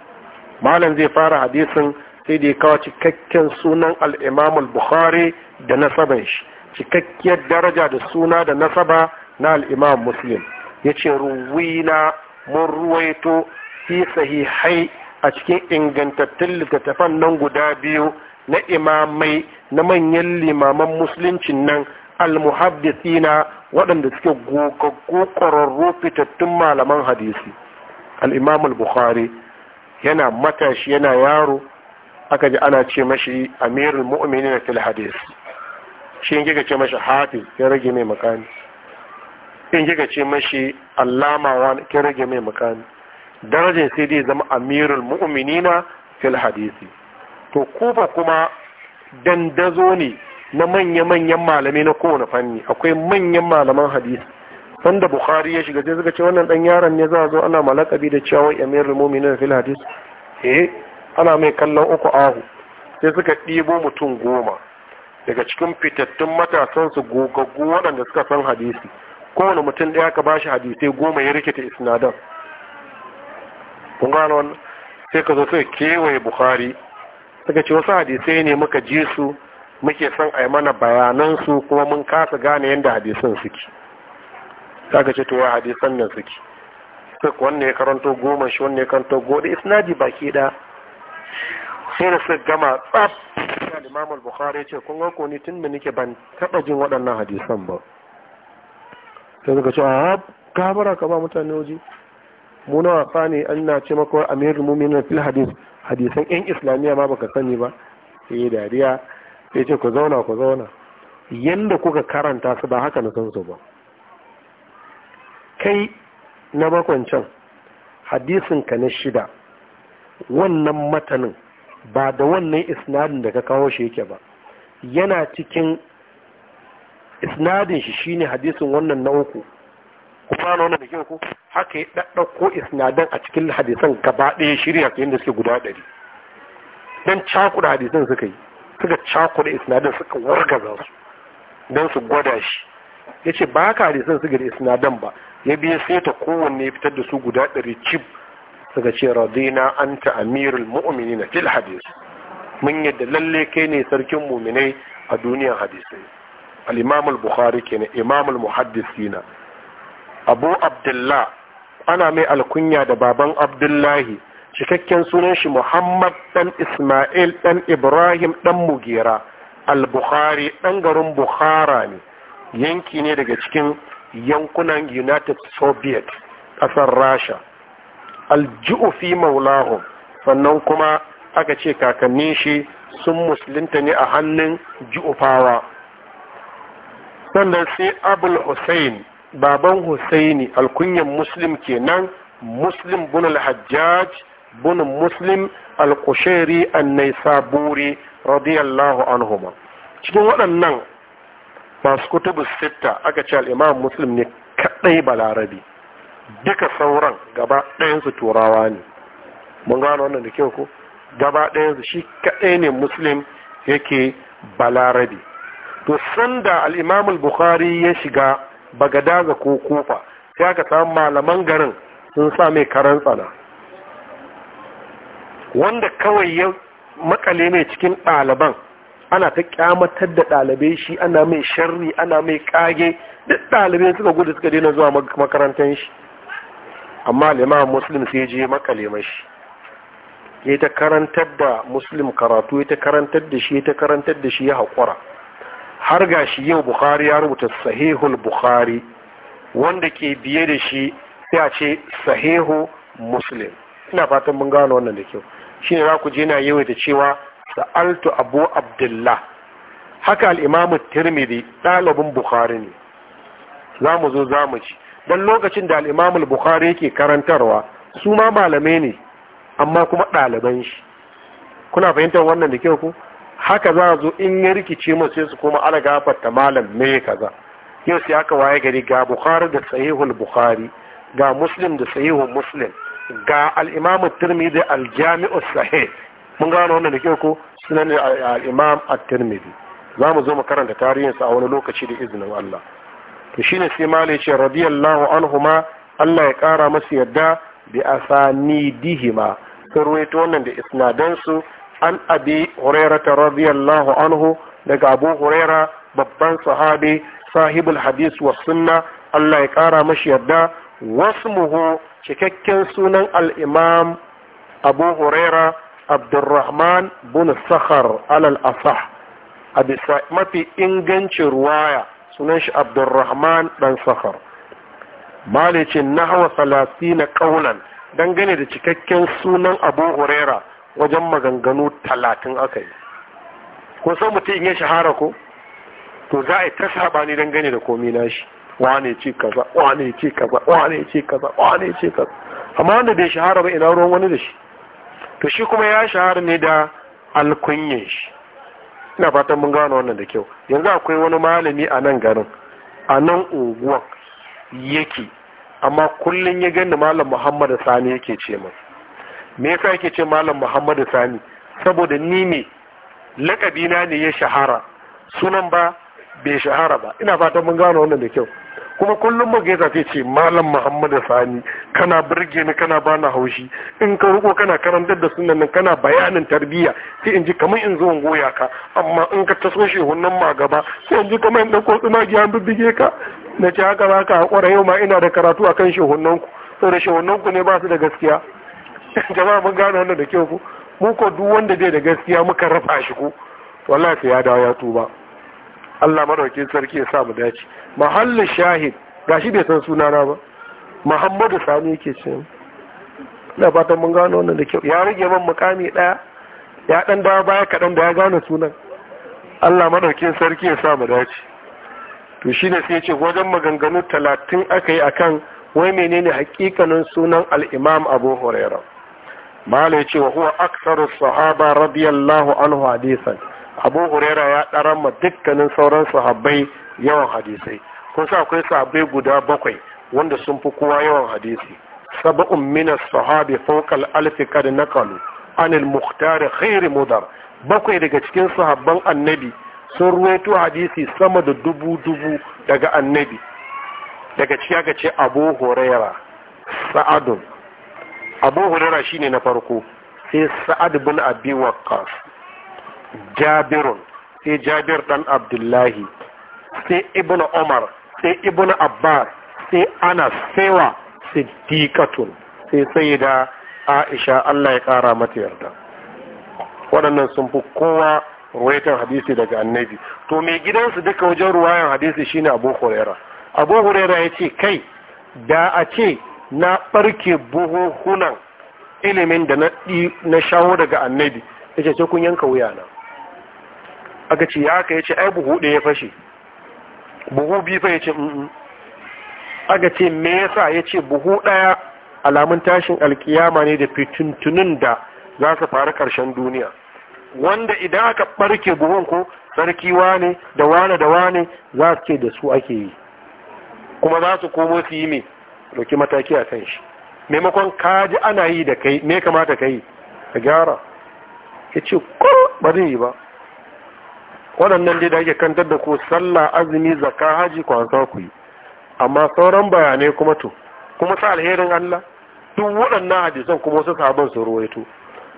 malam zai fara hadisin sai da ya kawo cikakken sunan alimam al-bukhari da nasaban shi cikakkiyar daraja da suna da nasaba na alimam muslim ya ce ruwina mun ruwaito fi sahihai a cikin ingantattun littattafan nan guda biyu na imamai na manyan limaman musuluncin nan al-muhaddifina almuhaddisina waɗanda suke gogaggu ƙwararru fitattun malaman hadisi al-imam al-bukhari yana matashi yana yaro aka ji ana ce mashi amirul mu'minin fil hadis shi in ce mashi hafi ya rage mai makani in giga ce mashi allama wani rage mai makani darajar sai dai zama amirul mu'minina fil to kufa kuma dandazo ne na manya-manyan malamai na kowane fanni akwai manyan malaman hadisi wanda bukhari ya shiga sai suka ce wannan dan yaron ne za a zo ana malakabi da cewa amirul mu'minin fil hadis eh ana mai kallon uku ahu sai suka ɗibo mutum goma daga cikin fitattun matasan su gogaggu waɗanda suka san hadisi kowane mutum ɗaya ka bashi hadisai goma ya rikita isnadan kun gano wannan sai ka zo suka kewaye bukhari suka ce wasu hadisai ne muka ji su muke son a yi mana su kuma mun kasa gane yadda hadisan suke za ce to wa hadisan nan suke sai wanne ya karanto goma shi wanne ya karanto goma isnadi baki da sai da suka gama tsaf da al bukhari ya ce kun ga ko ni tun da nake ban taba jin waɗannan hadisan ba sai suka ce a bara ka ba mutane waje mu na wasa ne an na ce maka amir mu'minin fil hadis hadisan yan islamiyya ma baka sani ba sai dariya sai ce ku zauna ku zauna yanda kuka karanta su ba haka na san su ba kai na makwancan hadisinka na shida wannan matanin ba da wannan isnadin da ka kawo shi yake ba yana cikin isnadin shi shine hadisin wannan na uku ku fara wannan da ku haka ya ɗaɗɗauko isnadan a cikin hadisan gaba ɗaya shirya ka yadda suke guda ɗari don cakuɗa hadisan suka yi suka cakuɗa isnadan suka wargaza su don su gwada shi ya ce ba ka da sun sigar isnadan ba ya biya sai ta kowanne fitar da su guda ɗari cib suka ce radina anta amirul mu'minin fil hadis mun yadda lalle kai ne sarkin mu'minai a duniyar hadisai al-imam al-bukhari kenan imam al-muhaddisina abu abdullah ana mai alkunya da baban abdullahi cikakken sunan shi muhammad dan isma'il dan ibrahim dan mugera al-bukhari dan garin bukhara ne yanki ne daga cikin yankunan united soviet ƙasar rasha aljiu fi maulahu sannan kuma aka ce kakannin shi sun musulunta ne a hannun ju'ufawa sannan sai abul hussein baban husaini alkunyan muslim kenan muslim bin al-hajjaj bin muslim al-kushairi an-naisaburi radiyallahu anhuma cikin waɗannan masu kutubu sitta aka ce al'imam muslim ne kaɗai balarabi duka sauran gaba ɗayansu turawa ne mun gano wannan da kyau ko gaba ɗayansu shi kaɗai ne muslim yake balarabi to sanda al'imam bukhari ya shiga bagadaza ko kofa sai aka samu malaman garin sun sa mai karan tsana wanda kawai ya makale mai cikin ɗaliban ana ta kyamatar da ɗalibai shi ana mai sharri ana mai kage da ɗalibai suka gudu suka daina zuwa makarantar shi amma limamin muslim sai je makale mashi ya ta karantar da muslim karatu ya ta karantar da shi ya ta karantar da shi ya haƙura har ga shi yau bukari ya rubuta sahihul bukari wanda ke biye da shi sai ce sahihu muslim ina fatan mun gano wannan da kyau shine za ku je na da cewa sa'altu abu abdullah haka al'imamu tirmidhi ɗalibin bukhari ne za mu zo za mu ci don lokacin da al'imamu bukhari yake karantarwa su ma malamai ne amma kuma ɗaliban shi kuna fahimtar wannan da kyau ku haka za a zo in ya rikice mu sai su koma ala gafarta malam me kaza yau sai aka waye gari ga bukhari da sahihul bukhari ga muslim da sahihul muslim ga al'imamu tirmidhi al-jami'u sahih mun gano wannan da ke ko sunan al'imam imam at-tirmidhi za mu zo mu karanta tarihin tarihinsa a wani lokaci da iznin Allah to shine sai malai ce radiyallahu anhuma Allah ya kara masu yadda bi asanidihima sun ruwaito wannan da isnadansu an abi hurairata radiyallahu anhu daga abu huraira babban sahabi sahibul hadis wa sunna Allah ya kara masa yadda wasmuhu cikakken sunan al-imam abu huraira abdurrahman bin sakhar alal asah a bisa mafi ingancin ruwaya sunan shi abdurrahman dan sakhar malicin salasi na kaunan dangane da cikakken sunan abu huraira wajen maganganu talatin aka yi ko san mutum ya shahara ko to za a yi ta sabani dangane da komi shi? wane ce kaza wane ce kaza wane ce kaza wane ce kaza amma wanda bai shahara ba ina ruwan wani da shi to shi kuma ya shahara ne da alkunyin shi ina fatan mun gano wannan da kyau yanzu akwai wani malami a nan garin a nan unguwan yake amma kullum ya gani malam muhammadu sani yake ce min me yasa yake ce malam muhammadu sani saboda ni ne lakabina ne ya shahara sunan ba bai shahara ba ina fatan mun gano wannan da kyau kuma kullum magaza ta ce malam muhammadu sani kana birge ni kana bana haushi in ka ruko kana karantar da sunan nan kana bayanin tarbiyya sai in ji kamar in zo in goya ka amma in ka taso shi hunnan ma gaba sai in ji kamar in dauko tsuma giya bibbige ka na ce haka za ka haƙura yau ma ina da karatu akan shehunnan ku saboda shehunnan ku ne ba su da gaskiya jama'a mun gane wannan da kyau ku mu ko duk wanda bai da gaskiya muka rafa shi ku wallahi sai ya dawo ya tuba Allah madaukin sarki ya sa mu dace mahallin shahid gashi bai san sunana ba Muhammadu Sani yake ce ina fatan mun gano wannan da kyau ya rage man mukami daya ya dan dawo baya kadan da ya gano sunan Allah madaukin sarki ya sa mu dace to shine sai ya ce wajen maganganu 30 aka yi akan wai menene hakikanin sunan al-Imam Abu Hurairah mala ce wa huwa aktsaru sahaba radiyallahu anhu hadisan abu huraira ya ɗarama ma dukkanin sauran sahabbai yawan hadisai kun sa akwai sahabbai guda bakwai wanda sun fi kowa yawan hadisi sabu'un minas sahabi fokal alfi alf qad naqalu anil al khairi mudar bakwai daga cikin sahabban annabi sun ruwaito hadisi sama da dubu dubu daga annabi daga ciya ga ce abu huraira sa'adun abu huraira shine na farko sai sa'ad bin abi waqqas jabirun sai jabir dan abdullahi sai ibn umar sai ibn Abbar sai ana sewa siddiqatun sai sayyida aisha Allah ya kara mata yarda waɗannan sun fi kowa ruwaitar hadisi daga annabi to mai gidansu duka wajen ruwayan hadisi shine abu huraira abu huraira ya ce kai da a ce na ɓarke buhuhunan ilimin da na shawo daga annabi ya ce kun yanka wuya na. aka ce ya ka ya ce ai buhu ɗaya fashe buhu biyu fa ya ce aka ce me yasa ya ce buhu ɗaya alamun tashin alkiyama ne da fituntunin da za su faru ƙarshen duniya wanda idan aka ɓarke buhun ko sarki wane da wane da wane za su ce da su ake yi kuma za su komo su yi mai ɗauki mataki a kan shi maimakon kaji ana yi da kai me kamata ka yi ka gyara ya ce ko ba zai yi ba waɗannan dai da ake kantar da ku sallah azumi zakka haji sa ku yi amma sauran bayanai kuma to kuma sa alherin Allah duk waɗannan hadisan kuma wasu sahabban su ruwaito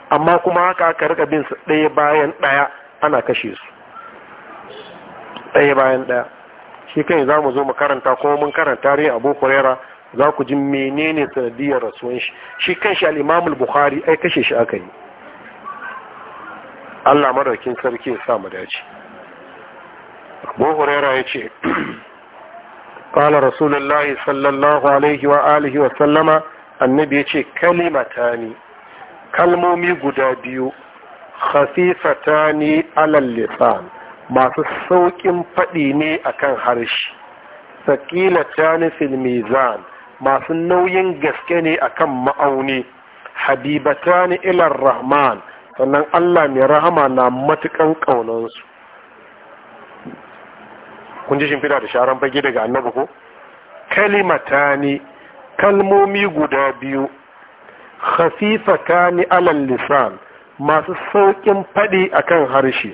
amma kuma haka aka rika bin su ɗaya bayan ɗaya ana kashe su ɗaya bayan ɗaya shi kai za mu zo mu karanta kuma mun karanta tarihin abu kurera za ku ji menene sanadiyar rasuwan shi shi kan shi al'imamul bukhari ai kashe shi aka yi allah maraukin sarki ya sa mu dace abu huraira ya ce ƙala rasulullahi sallallahu alaihi wa alihi wa sallama annabi ya ce kalimata ne kalmomi guda biyu khafifata ne alal lisan masu sauƙin faɗi ne akan harshe sakilata ne masu nauyin gaske ne akan ma'auni habibata ne ilar rahman sannan allah mai rahama na matukan ƙaunansu kun ji shimfiɗa da sharan fage daga annabi ko kalimatani kalmomi guda biyu khafifatani alal lisan masu sauƙin faɗi akan harshe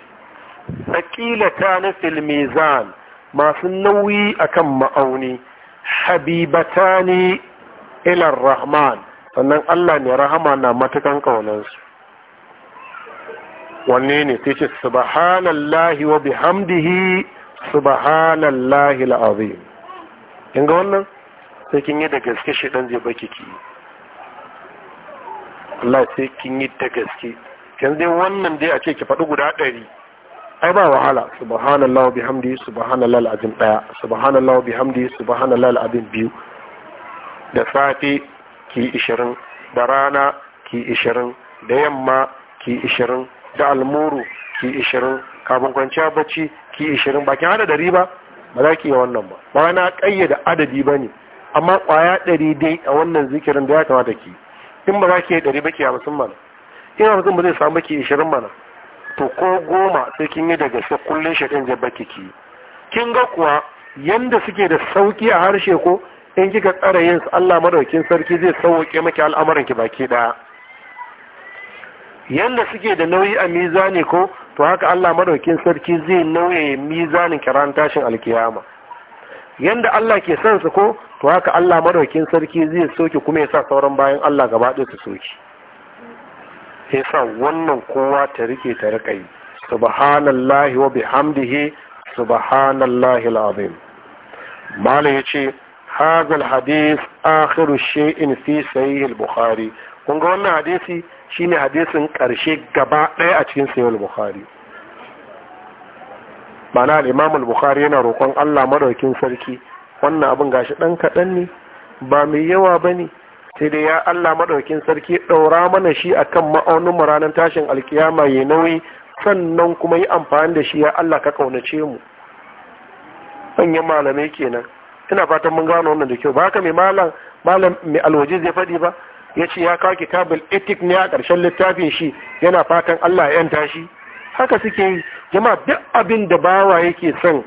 thaqilatani fil mizan masu nauyi akan ma'auni habibatani ila rahman sannan Allah ne rahama na matukan kaunansu wanne ne sai ce subhanallahi wa bihamdihi subhanallahi al'azim in ga wannan sai kin yi da gaske shi dan zai baki ki Allah sai kin yi da gaske kin dai wannan dai a ce ki faɗi guda ɗari ai ba wahala subhanallahi bihamdi subhanallahi al'azim daya subhanallahi bihamdi subhanallahi al'azim biyu da safi ki ishirin da rana ki ishirin da yamma ki ishirin da almuru ki ishirin kafin kwanciya bacci ki ishirin ba hada ɗari ba ba za ki yi wannan ba ba na ƙayyade adadi ba ne amma ƙwaya ɗari dai a wannan zikirin da ya kamata ki in ba za ki yi ɗari ba ki hamsin mana in hamsin ba zai samu ba ki ishirin mana to ko goma sai kin yi da gaske kullum shaɗin jabba ki ki kin ga kuwa yanda suke da sauki a harshe ko in kika tsara yin Allah madaukin sarki zai sauke maki al'amuranki ki baki ɗaya? yanda suke da nauyi a mizani ko to haka Allah madaukin sarki zai nauye mizanin kiran tashin alkiyama yanda Allah ke son su ko to haka Allah madaukin sarki zai soke kuma ya sa sauran bayan Allah gaba ɗaya su soke sai sa wannan kowa ta rike ta rika yi subhanallahi wa bihamdihi subhanallahi alazim malam yace hadal hadith akhiru shay'in fi sahih al-bukhari kun ga wannan hadisi shine hadisin karshe gaba ɗaya a cikin sayyid bukhari mana al-imam bukhari yana roƙon Allah maɗaukin sarki wannan abin gashi dan kaɗan ne ba mai yawa bane sai dai ya Allah maɗaukin sarki ɗaura mana shi akan ma'aunin ranar tashin alkiyama ya nauyi sannan kuma yi amfani da shi ya Allah ka kaunace mu manyan malamai kenan ina fatan mun gano wannan da kyau ba haka mai malam malam mai alwaji zai faɗi ba ya ce ya kawo kitabul etik ne a ƙarshen littafin shi yana fatan Allah ya yanta shi haka suke yi jama'a duk abin da bawa yake son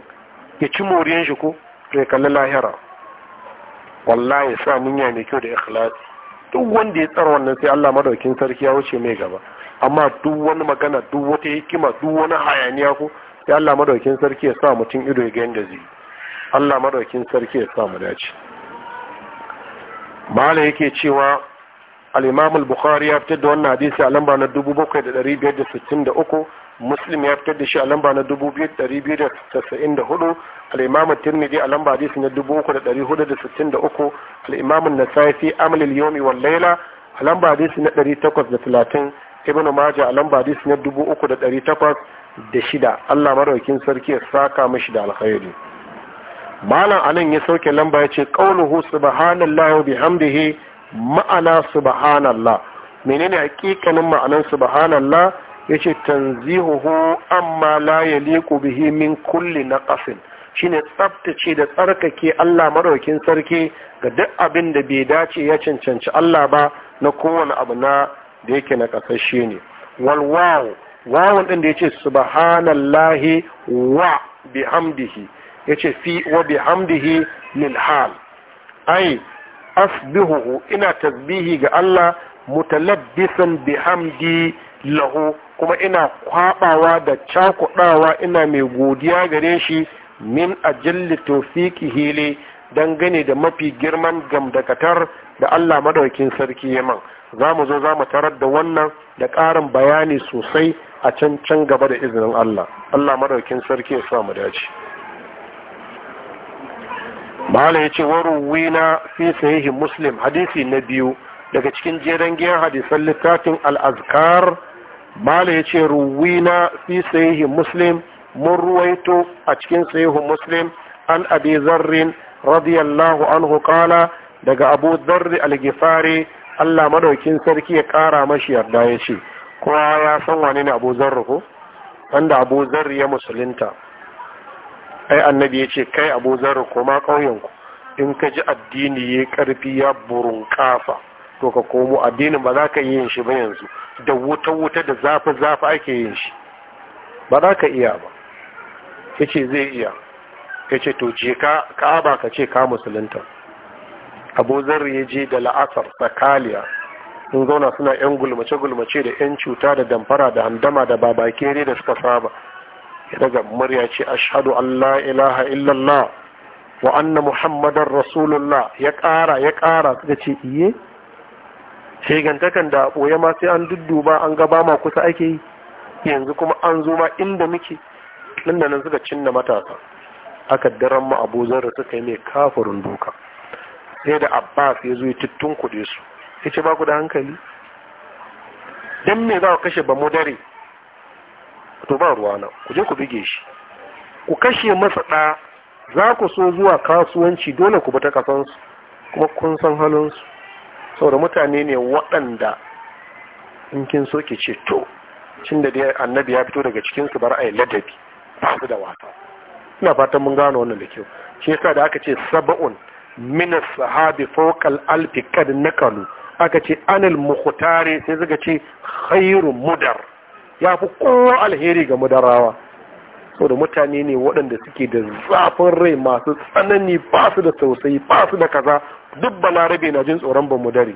ya ci moriyan shi ko to ya kalli lahira wallahi sa sa niyya mai kyau da ikhlasi duk wanda ya tsara wannan sai Allah madaukin sarki ya wuce mai gaba amma duk wani magana duk wata hikima duk wani hayaniya ko sai Allah madaukin sarki ya sa mutum ido ya ga yanda zai Allah madaukin sarki ya sa mu dace mala yake cewa al-imam al-bukhari ya fitar da wannan hadisi a lamba na 7563 muslim ya fitar da shi a lamba na 2294 al-imam at-tirmidhi a lamba hadisi na 3463 al-imam an-nasa'i fi amal al-yawmi wal layla a lamba hadisi na 830 ibn majah a lamba hadisi na 3806 Allah maraukin sarki ya saka mishi da alkhairi malam anan ya sauke lamba ya ce qauluhu subhanallahi wa bihamdihi ma'ana subhanallah menene hakikanin ma'anan subhanallah yace tanzihuhu amma la yaliqu bihi min kulli naqasin shine tsaftace da tsarkake Allah maraukin sarki ga duk abin da bai dace ya cancanci Allah ba na kowane abu na da yake na kasashe ne wal wawu wawu din da yace subhanallahi wa bihamdihi yace fi wa bihamdihi lil hal ai asbihuhu ina tasbihi ga Allah mutalabbisan bihamdi lahu kuma ina kwabawa da cakudawa ina mai godiya gare shi min ajalli tawfiqi hili dangane da mafi girman gamdakatar da Allah madaukin sarki yaman za mu zo za mu tarar da wannan da ƙarin bayani sosai a cancan gaba da izinin Allah Allah madaukin sarki ya sa mu dace mahala ya ce waruwina fi sahihi muslim hadisi na biyu daga cikin jeren giyan hadisan littafin al'azkar mahala ya ce ruwina fi sahihi muslim mun ruwaito a cikin sahihi muslim an abi zarrin radiyallahu anhu hukala daga abu zarri algifari allah madaukin sarki ya kara mashi yarda ya ce kowa ya san wane ne abu zarri ko wanda abu zarri ya musulunta ai annabi ya ce kai abu zarra koma ƙauyenku in ka ji addini ya ƙarfi ya burunkafa kafa to ka komo addinin ba za ka yi yin shi ba yanzu da wuta-wuta da zafi-zafi ake yin shi ba za ka iya ba ya ce zai iya ya ce to je ka ka'aba ka ce ka musulunta abu zarra ya je da la'asar sakaliya sun zauna suna yan gulmace-gulmace da yan cuta da damfara da handama da babakere da suka saba ya daga murya ce ashadu Allah ilaha illallah wa anna muhammadan rasulullah ya kara ya ƙara suka ce iye gantakan da ɓoye ma sai an dudduba an gaba ma kusa ake yi yanzu kuma an zo ma inda muke nan da nan suka cinna matasa aka daren mu abu zarra suka yi mai kafurin doka sai da abbas ya zo ya tuttun kuɗe su ya ce ba ku da hankali don me za ku kashe ba mu dare to ba ruwa na ku je ku bige shi ku kashe masa ɗa za ku so zuwa kasuwanci dole ku bata kasansu kuma kun san halinsu saboda mutane ne waɗanda in kin so ki ce to cin da dai annabi ya fito daga cikin su bar ai ladabi ba su da wasa ina fatan mun gano wannan da kyau shi yasa da aka ce sab'un min sahabi fawqal alfi kad nakalu aka ce anil muhtari sai suka ce khairu mudar ya fi kowa alheri ga mudarawa da mutane ne waɗanda suke da zafin rai masu tsanani ba su da tausayi ba su da kaza duk balarabe na jin tsoron ba mudare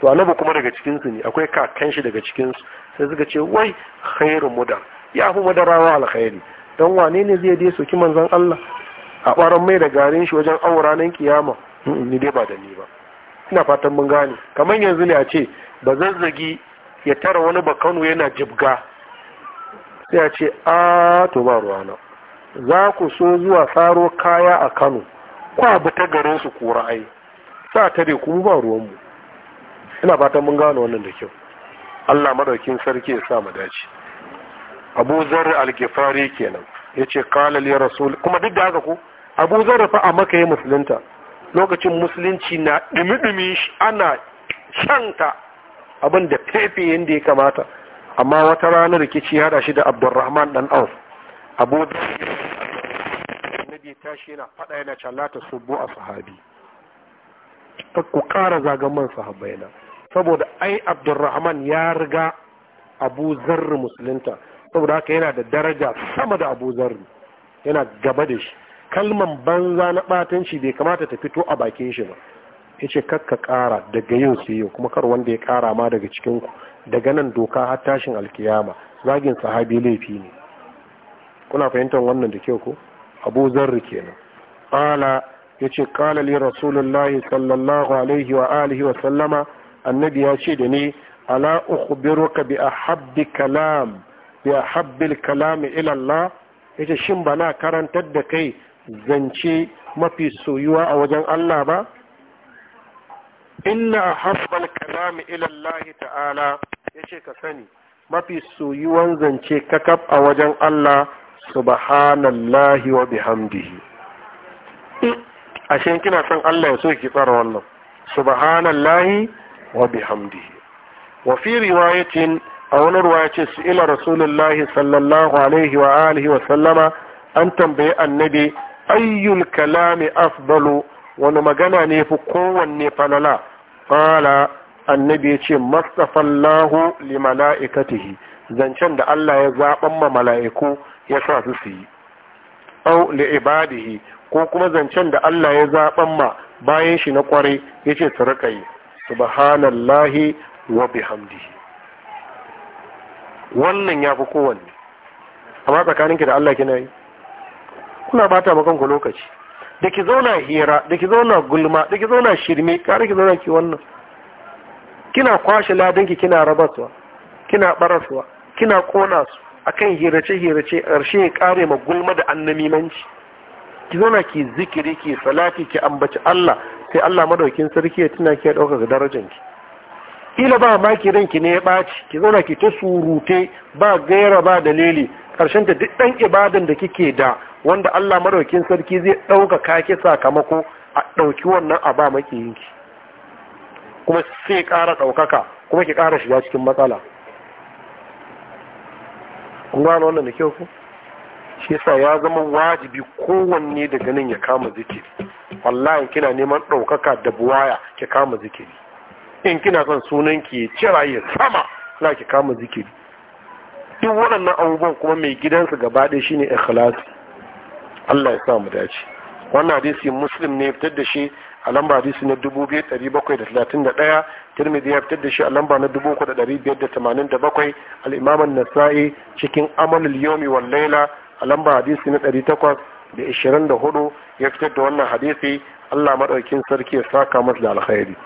to annabi kuma daga cikinsu ne akwai kakanshi shi daga cikinsu sai suka ce wai khairu mudar ya fi mudarawa alkhairi dan wane ne zai dai soki manzon Allah a ɓaran mai da garin shi wajen awo ranar kiyama ni dai ba da ni ba ina fatan mun gane kamar yanzu ne a ce ba zazzagi ya tara wani bakanu yana jibga sai ya ce a to ba ruwana za ku so zuwa tsaro kaya a kano kwa bi ta garin su kura ai sa tare ku ba ruwanmu ina fatan mun gano wannan da kyau Allah madaukin sarki ya sa mu dace Abu Zar al-Ghifari kenan yace qala li rasul kuma duk da haka ko Abu Zar fa a Makka ya musulunta lokacin musulunci na dumi-dumi ana shanta abin da fefe yadda ya kamata amma wata rana rikici hada shi da abdurrahman dan auf abu da nabi tashi yana fada yana calata subu a sahabi ta ku kara zagaman sahabai na saboda ai abdurrahman ya riga abu zarri musulunta saboda haka yana da daraja sama da abu zarri yana gaba da shi kalman banza na batanci bai kamata ta fito a bakin shi ba ya ce kakka kara daga yau sai yau kuma kar wanda ya kara ma daga cikin daga nan doka har tashin alkiyama zagin sahabi laifi ne kuna fahimtar wannan da kyau ko abu zarri kenan qala ya ce ƙala li rasulullahi sallallahu alaihi wa alihi wa sallama annabi ya ce da ni ala ukhbiruka bi ahabbi kalam bi ahabbil kalam ila Allah yace shin bana karantar da kai zance mafi soyuwa a wajen Allah ba inna hasbal kalami ila Allah ta'ala yace ka sani mafi soyuwan zance kakaf a wajen Allah subhanallahi wa bihamdihi ashe kina son Allah ya so ki tsara wannan subhanallahi wa bihamdihi wa fi riwayatin a wani ruwa ce su ila rasulullahi sallallahu alaihi wa alihi wa sallama an tambayi annabi ayyul kalami afdalu wani magana ne fi kowanne falala qala annabi ya ce mastafallahu li mala'ikatihi zancen da Allah ya zaɓan ma mala'iku ya sa su su yi au li ibadihi ko kuma zancen da Allah ya zaɓan ma bayan shi na kwarai ya ce su riƙa yi subhanallahi wa bihamdihi wannan ya fi kowanne amma tsakaninki da Allah kina yi kuna bata kanku lokaci da ki zauna hira da ki zauna gulma da ki zauna shirme kare ki zauna ki wannan kina kwashe ladanki kina rabaswa kina baraswa kina kona su akan hirace hirace karshe ya kare ma gulma da annamimanci ki zauna ki zikiri ki salati ki ambaci Allah sai Allah madaukin sarki ya tuna ki ya dauka ki kila ba makiran ranki ne ya baci ki zauna ki ta surute ba gaira ba dalili karshen ta duk ɗan ibadan da kike da wanda Allah maraukin sarki zai ɗauka kake sakamako a ɗauki wannan a ba yinki kuma sai ƙara ɗaukaka kuma ki ƙara shiga cikin matsala kun gano wannan da kyau ku shi yasa ya zama wajibi kowanne daga nan ya kama zikiri wallahi kina neman ɗaukaka da buwaya ki kama zikiri in kina son sunanki ya cira ya sama na ki kama zikiri duk waɗannan abubuwan kuma mai gidansa gaba ɗaya shine ikhlasi Allah ya sa mu dace wannan hadisi muslim ne fitar da shi a lamba hadisi na 2731 tirmidhi ya fitar da shi a lamba na 3587 al-imam an-nasa'i cikin amalul yawmi wal layla a lamba hadisi na 824 ya fitar da wannan hadisi Allah madaukin sarki ya saka masa da alkhairi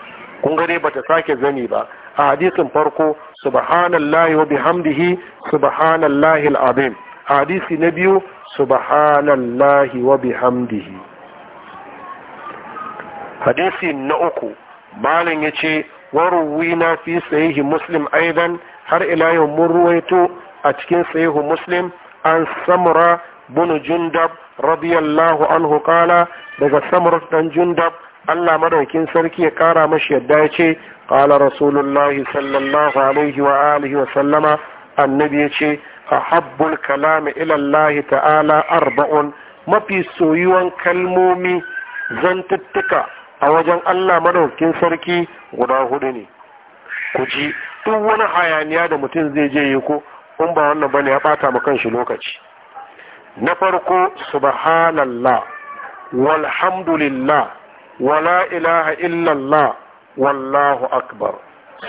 kun ga bata sake zani ba a hadisin farko subhanallahi wa bihamdihi subhanallahi al'azim hadisi na biyu subhanallahi wa bihamdihi hadisi na uku malam ya ce waruwina fi sahihi muslim aidan har ila yau mun ruwaito a cikin sahihu muslim an samura bunu jundab radiyallahu anhu kala daga samur dan jundab Allah madaukin sarki ya kara mashi yadda ya ce قال رسول الله صلى الله عليه وآله وسلم النبي يشي أحب الكلام إلى الله تعالى أربع ما في سويوان كلمومي زنتتك أوجن الله منه كن سركي وداهدني كجي duk wani hayaniya da mutum zai je yi ko in ba wannan bane ya bata ma kanshi lokaci na farko subhanallah walhamdulillah wala ilaha illallah wallahu akbar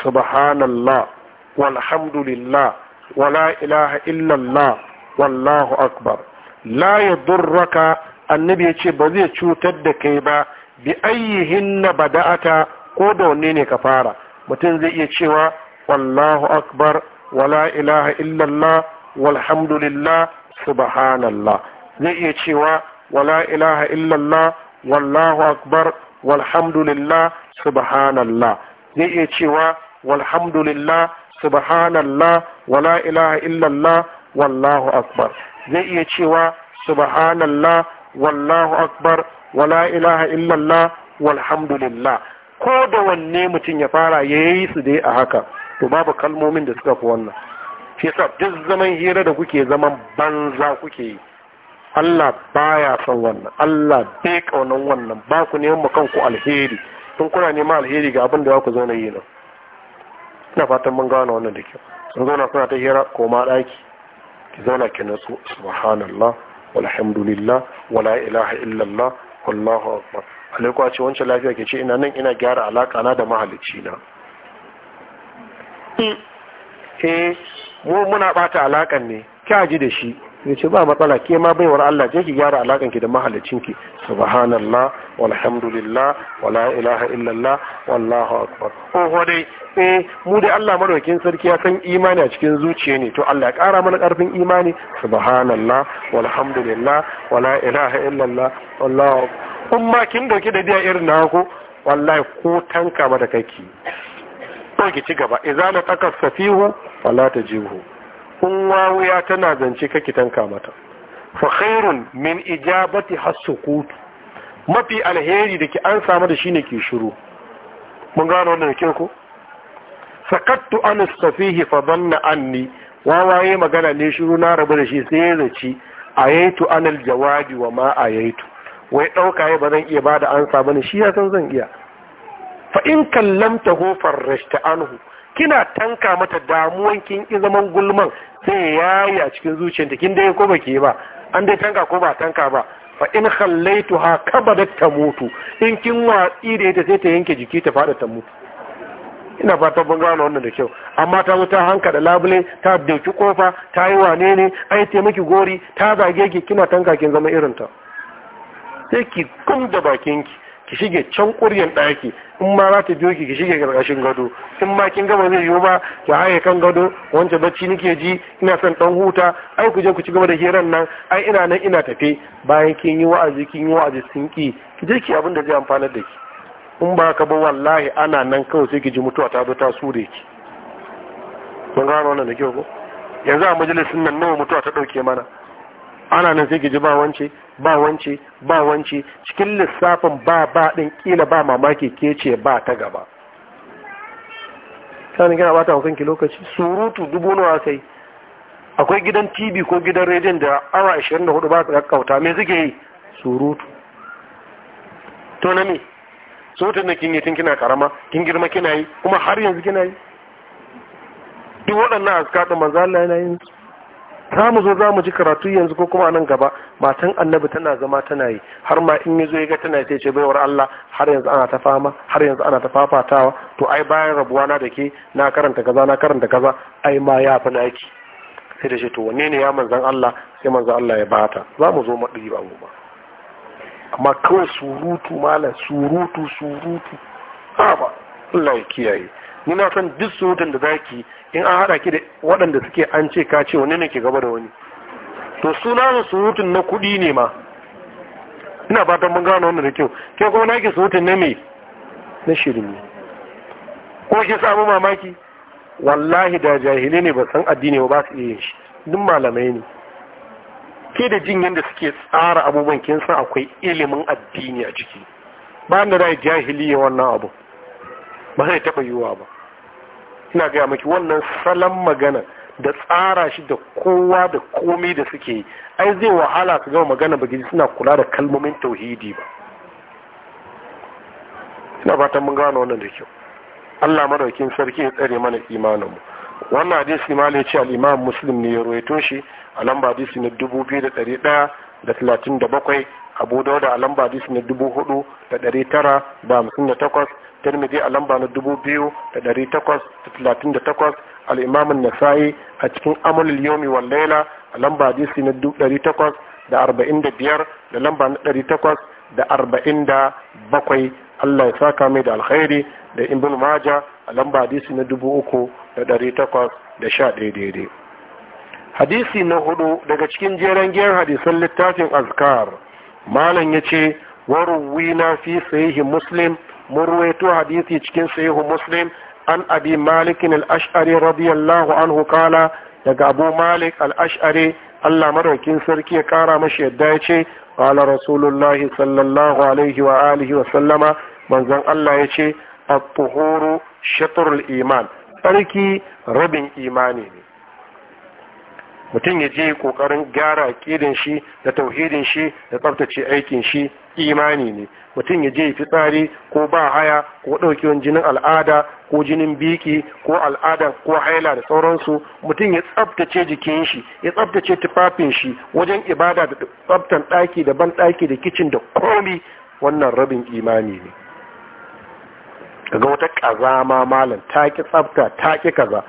subhanallah walhamdulillah wala ilaha illallah wallahu akbar la yadurraka annabi ya ce ba zai cutar da kai ba bi ayyihin na bada'ata ko da wanne ne ka fara mutum zai iya cewa wallahu akbar wala ilaha illallah walhamdulillah subhanallah zai iya cewa wala ilaha illallah wallahu akbar walhamdulillah subhanallah zai iya cewa walhamdulillah subhanallah wala ilaha illallah wallahu akbar zai iya cewa subhanallah wallahu akbar wala ilaha illallah walhamdulillah ko da wanne mutum ya fara ya yi su dai a haka to babu kalmomin da suka fi wannan shi duk zaman hira da kuke zaman banza kuke yi Allah baya son wannan Allah bai kaunan wannan ba ku neman kanku alheri tun kuna nema alheri ga abin da za ku zo na yi nan ina fatan mun gano wannan da kyau sun zauna suna ta hira koma daki ki zauna ki natsu subhanallah walhamdulillah wala ilaha illallah wallahu akbar alaiku a ce wancan lafiya ke ce ina nan ina gyara alaka na da mahalicci na hmm. eh mu muna bata alakan ne kya ji da shi ya ce ba matsala ke ma baiwar Allah je ki gyara alakan ki da mahallicin ki subhanallah walhamdulillah wala ilaha illallah wallahu akbar oho dai eh mu dai Allah madaukakin sarki ya san imani a cikin zuciya ne to Allah ya kara mana karfin imani subhanallah walhamdulillah wala illallah wallahu kuma kin dauki da biya irin na wallahi ko tanka mata kake ko ki ci gaba idza la takas safihu fala tajibu in wawuya tana zance kake tanka mata fa khairun min ijabati hasukut mafi alheri da ke an samu da shine ke shiru mun gano wannan kin ko sakattu an safihi fa dhanna anni wawaye magana ne shiru na rabu da shi sai ya zaci ayaitu anal jawabi wa ma ayaitu wai dauka ya ba zan iya bada ansa bane shi ya san zan iya fa in kallamtahu farrashta anhu kina tanka mata damuwan kin ki zaman gulman sai yayi a cikin zuciyarta kin dai ko baki ba an dai tanka ko ba tanka ba fa in khallaituha kabadat tamutu in kin watsi da ita sai ta yanke jiki ta fada ta mutu ina fatan ban gano wannan da kyau amma ta zo ta hanka labule ta dauki kofa ta yi wane ne ai ta miki gori ta zage ki kina tanka kin zama irin ta sai ki kum da bakin ki ki shige can kuryan ɗaki in ma za ta biyo ki ki shige karkashin gado in ma kin gama zai yiwu ba ki haye kan gado wancan bacci nake ji ina son dan huta ai ku je ku ci gaba da hiran nan ai ina nan ina tafe bayan kin yi wa'azi kin yi wa'azi sun ki ki je ki abin da zai amfanar da ki in ba ka ba wallahi ana nan kawai sai ki ji mutuwa ta zo ta sure ki mun gano wannan da kyau ko yanzu a majalisin nan nawa mutuwa ta ɗauke mana ana nan sai ji ba wance ba wance ba wance cikin lissafin ba ba din kila ba mamaki ke ce ba ta gaba sani gina bata wa ki lokaci surutu dubu nawa sai akwai gidan tv ko gidan rediyon da awa 24 ba su kakkauta me suke yi surutu to na me surutu da kin yi tun kina karama kin girma kina yi kuma har yanzu kina yi duk waɗannan azkaɗin manzo Allah yana yin su za mu zo za mu ji karatu yanzu ko kuma nan gaba matan annabi tana zama tana yi har ma in yazo ya ga tana yi ce baiwar Allah har yanzu ana ta fama har yanzu ana ta fafatawa to ai bayan rabuwa na da ke na karanta kaza na karanta gaza. ai ma ya fi naki sai da shi to wanne ne ya manzan Allah sai manzan Allah ya bata za mu zo mu ɗiba mu ba amma kawai surutu malam surutu surutu ba Allah ya kiyaye ni na san duk surutan da zaki in an hada ki da waɗanda suke an ce ka ce wani ne ke gaba da wani to suna su surutun na kuɗi ne ma ina fatan mun gano wannan da kyau ke kuma naki surutun na me na shirme ko ki samu mamaki wallahi da jahilai ne ba san addini ba su iya shi duk malamai ne ke da jin yadda suke tsara abubuwan kin san akwai ilimin addini a ciki ba da rai jahiliya wannan abu ba zai taɓa yiwuwa ba ina gaya maki wannan salon magana da tsara shi da kowa da komai da suke yi ai zai wahala ka gama magana ba suna kula da kalmomin tauhidi ba ina fatan mun gano wannan da kyau Allah madaukin sarki ya tsare mana imanin mu wannan hadisi ma ce al-Imam Muslim ne ya rawaito shi a lamba hadisi na 2137 abu dauda a lamba hadisi na dubu hudu da dari tara da hamsin da takwas tirmidhi a lamba na dubu biyu da dari takwas da talatin da takwas al'imamin nasa'i a cikin amalil yomi wal laila a lamba hadisi na dari takwas da arba'in da biyar da lamba na dari takwas da arba'in da bakwai allah ya saka mai da alkhairi da ibn maja a lamba hadisi na dubu uku da dari takwas da sha ɗaya daidai hadisi na hudu daga cikin jeren giyar hadisan littafin azkar malam ya ce waruwina fi sahihi muslim mun ruwaito hadisi cikin sahihu muslim an abi malikin al-ash'ari radiyallahu anhu kala daga abu malik al-ash'ari Allah maraukin sarki ya kara mashi yadda ya ce qala rasulullahi sallallahu alaihi wa alihi wa sallama manzon Allah ya ce at-tuhuru shatrul iman sarki rabin imani mutum ya je kokarin gyara kidin shi da tauhidin shi da tsaftace aikin shi imani ne mutum ya je fitsari ko ba haya ko ɗaukewan jinin al'ada ko jinin biki ko al'ada ko haila da sauransu mutum ya tsaftace jikin shi ya tsaftace tufafin shi wajen ibada da tsabtan ɗaki da ban daki da kicin da komi wannan rabin imani ne kaga wata kaza ma malam ta ki tsafta ta ki kaza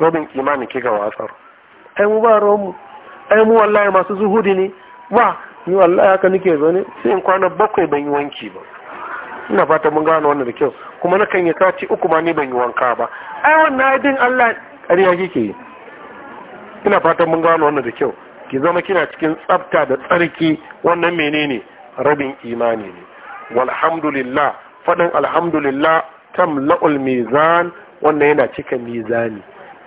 rabin imani ga wasar. ai mu ba ruwanmu ai mu wallahi masu zuhudi ne ba ni wallahi haka nake zaune sai in kwana bakwai ban yi wanki ba ina fata mun gano wannan da kyau kuma na kan yi sati uku ma ni ban yi wanka ba ai wannan aibin Allah ƙarya kike yi ina fatan mun gano wannan da kyau ki zama kina cikin tsafta da tsarki wannan menene rabin imani ne walhamdulillah faɗin alhamdulillah tamla'ul mizan wannan yana cika mizani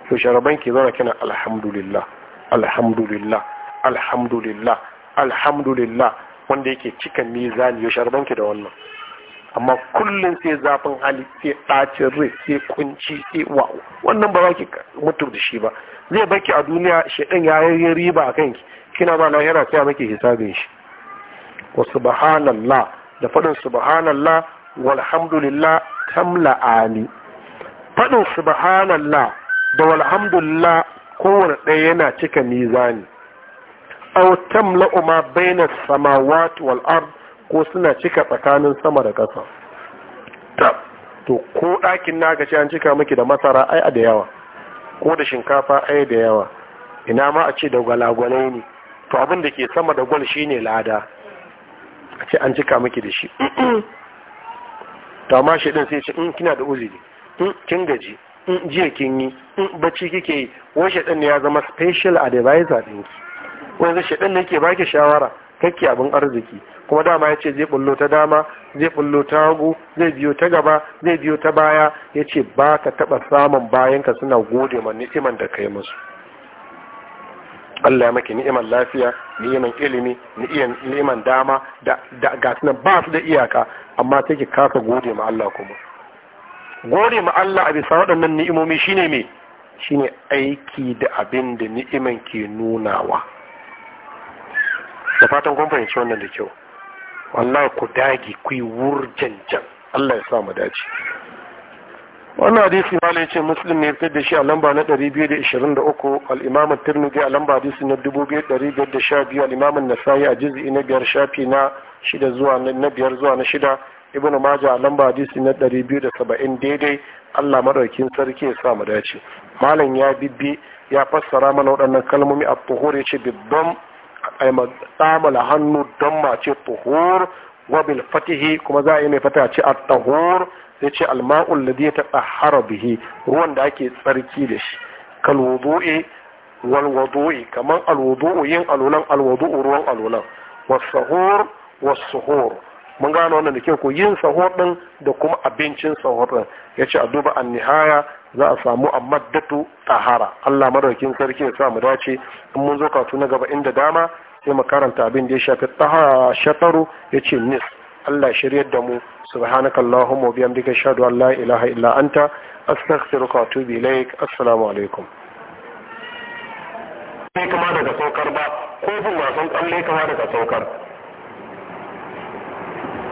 to sharaban ke zauna kina alhamdulillah alhamdulillah alhamdulillah alhamdulillah wanda yake cika mizani ya sharaban ki da wannan amma kullum sai zafin hali sai ɗacin rai sai kunci sai wa wannan ba za ki mutu da shi ba zai baki a duniya shaɗin ya riba a kanki kina ba lahira sai maki hisabin shi wa subhanallah da faɗin subhanallah walhamdulillah tamla'ani faɗin subhanallah da walhamdulillah kowane ɗaya yana cika mizani aw tamla'u ma baina samawati wal ard ko suna cika tsakanin sama da ƙasa to ko ɗakin naka ce an cika miki da masara ai a da yawa ko da shinkafa ai da yawa ina ma a ce da gwalagwalai ne to abin da ke sama da gwal shine lada a ce an cika miki da shi to amma shi din sai ce in mm, kina da uzuri in mm, kin gaji in jiya kin yi in bacci kike yi wani shaɗan ne ya zama special advisor ɗinki wanda shaɗan ne ke baki shawara kakki abin arziki kuma dama ya ce zai bullo ta dama zai bullo ta hagu zai biyo ta gaba zai biyo ta baya ya ce ba ka taɓa samun bayanka suna gode ma ni'iman da ka yi musu Allah ya maki ni'iman lafiya ni'iman ilimi ni'iman dama da ga suna ba su da iyaka amma take kasa gode ma Allah kuma gode ma Allah a bisa waɗannan ni'imomi shine me shine aiki da abin da ni'iman ke nunawa da fatan kun fahimci wannan da kyau wallahi ku dagi ku yi wurjanjan Allah ya sa mu dace wannan hadisi ma ne ce muslim ne fitar da shi a lamba na 223 al-imam at-tirmidhi a lamba hadisi na 2512 al-imam an-nasa'i a juz'i na biyar shafi na shida zuwa na biyar zuwa na shida ibn majah lamba hadisi na 270 daidai Allah madaukin sarki ya sa mu dace malam ya bibbi ya fassara mana waɗannan kalmomi a tuhur ya ce bibban tsamala hannu don ce tuhur wa bil fatihi kuma za a yi mai fata ce a tuhur sai ce alma'ul ladhi tatahhara bihi ruwan da ake tsarki da shi kal wudu'i wal wudu'i kaman al wudu'u yin alulan al wudu'u ruwan alulan was sahur was suhur mun gano wannan da kyau ko yin sahur din da kuma abincin sahur din yace a duba an nihaya za a samu a maddatu tahara Allah madaukin sarki ya sa mu dace in mun zo kasu na gaba inda dama sai mu karanta abin da ya shafi tahara shataru yace nis Allah shiryar da mu subhanakallahumma wa bihamdika ashhadu an la ilaha illa anta astaghfiruka wa atubu ilaik assalamu alaikum kama daga saukar ba kofin wasan kalle kama daga saukar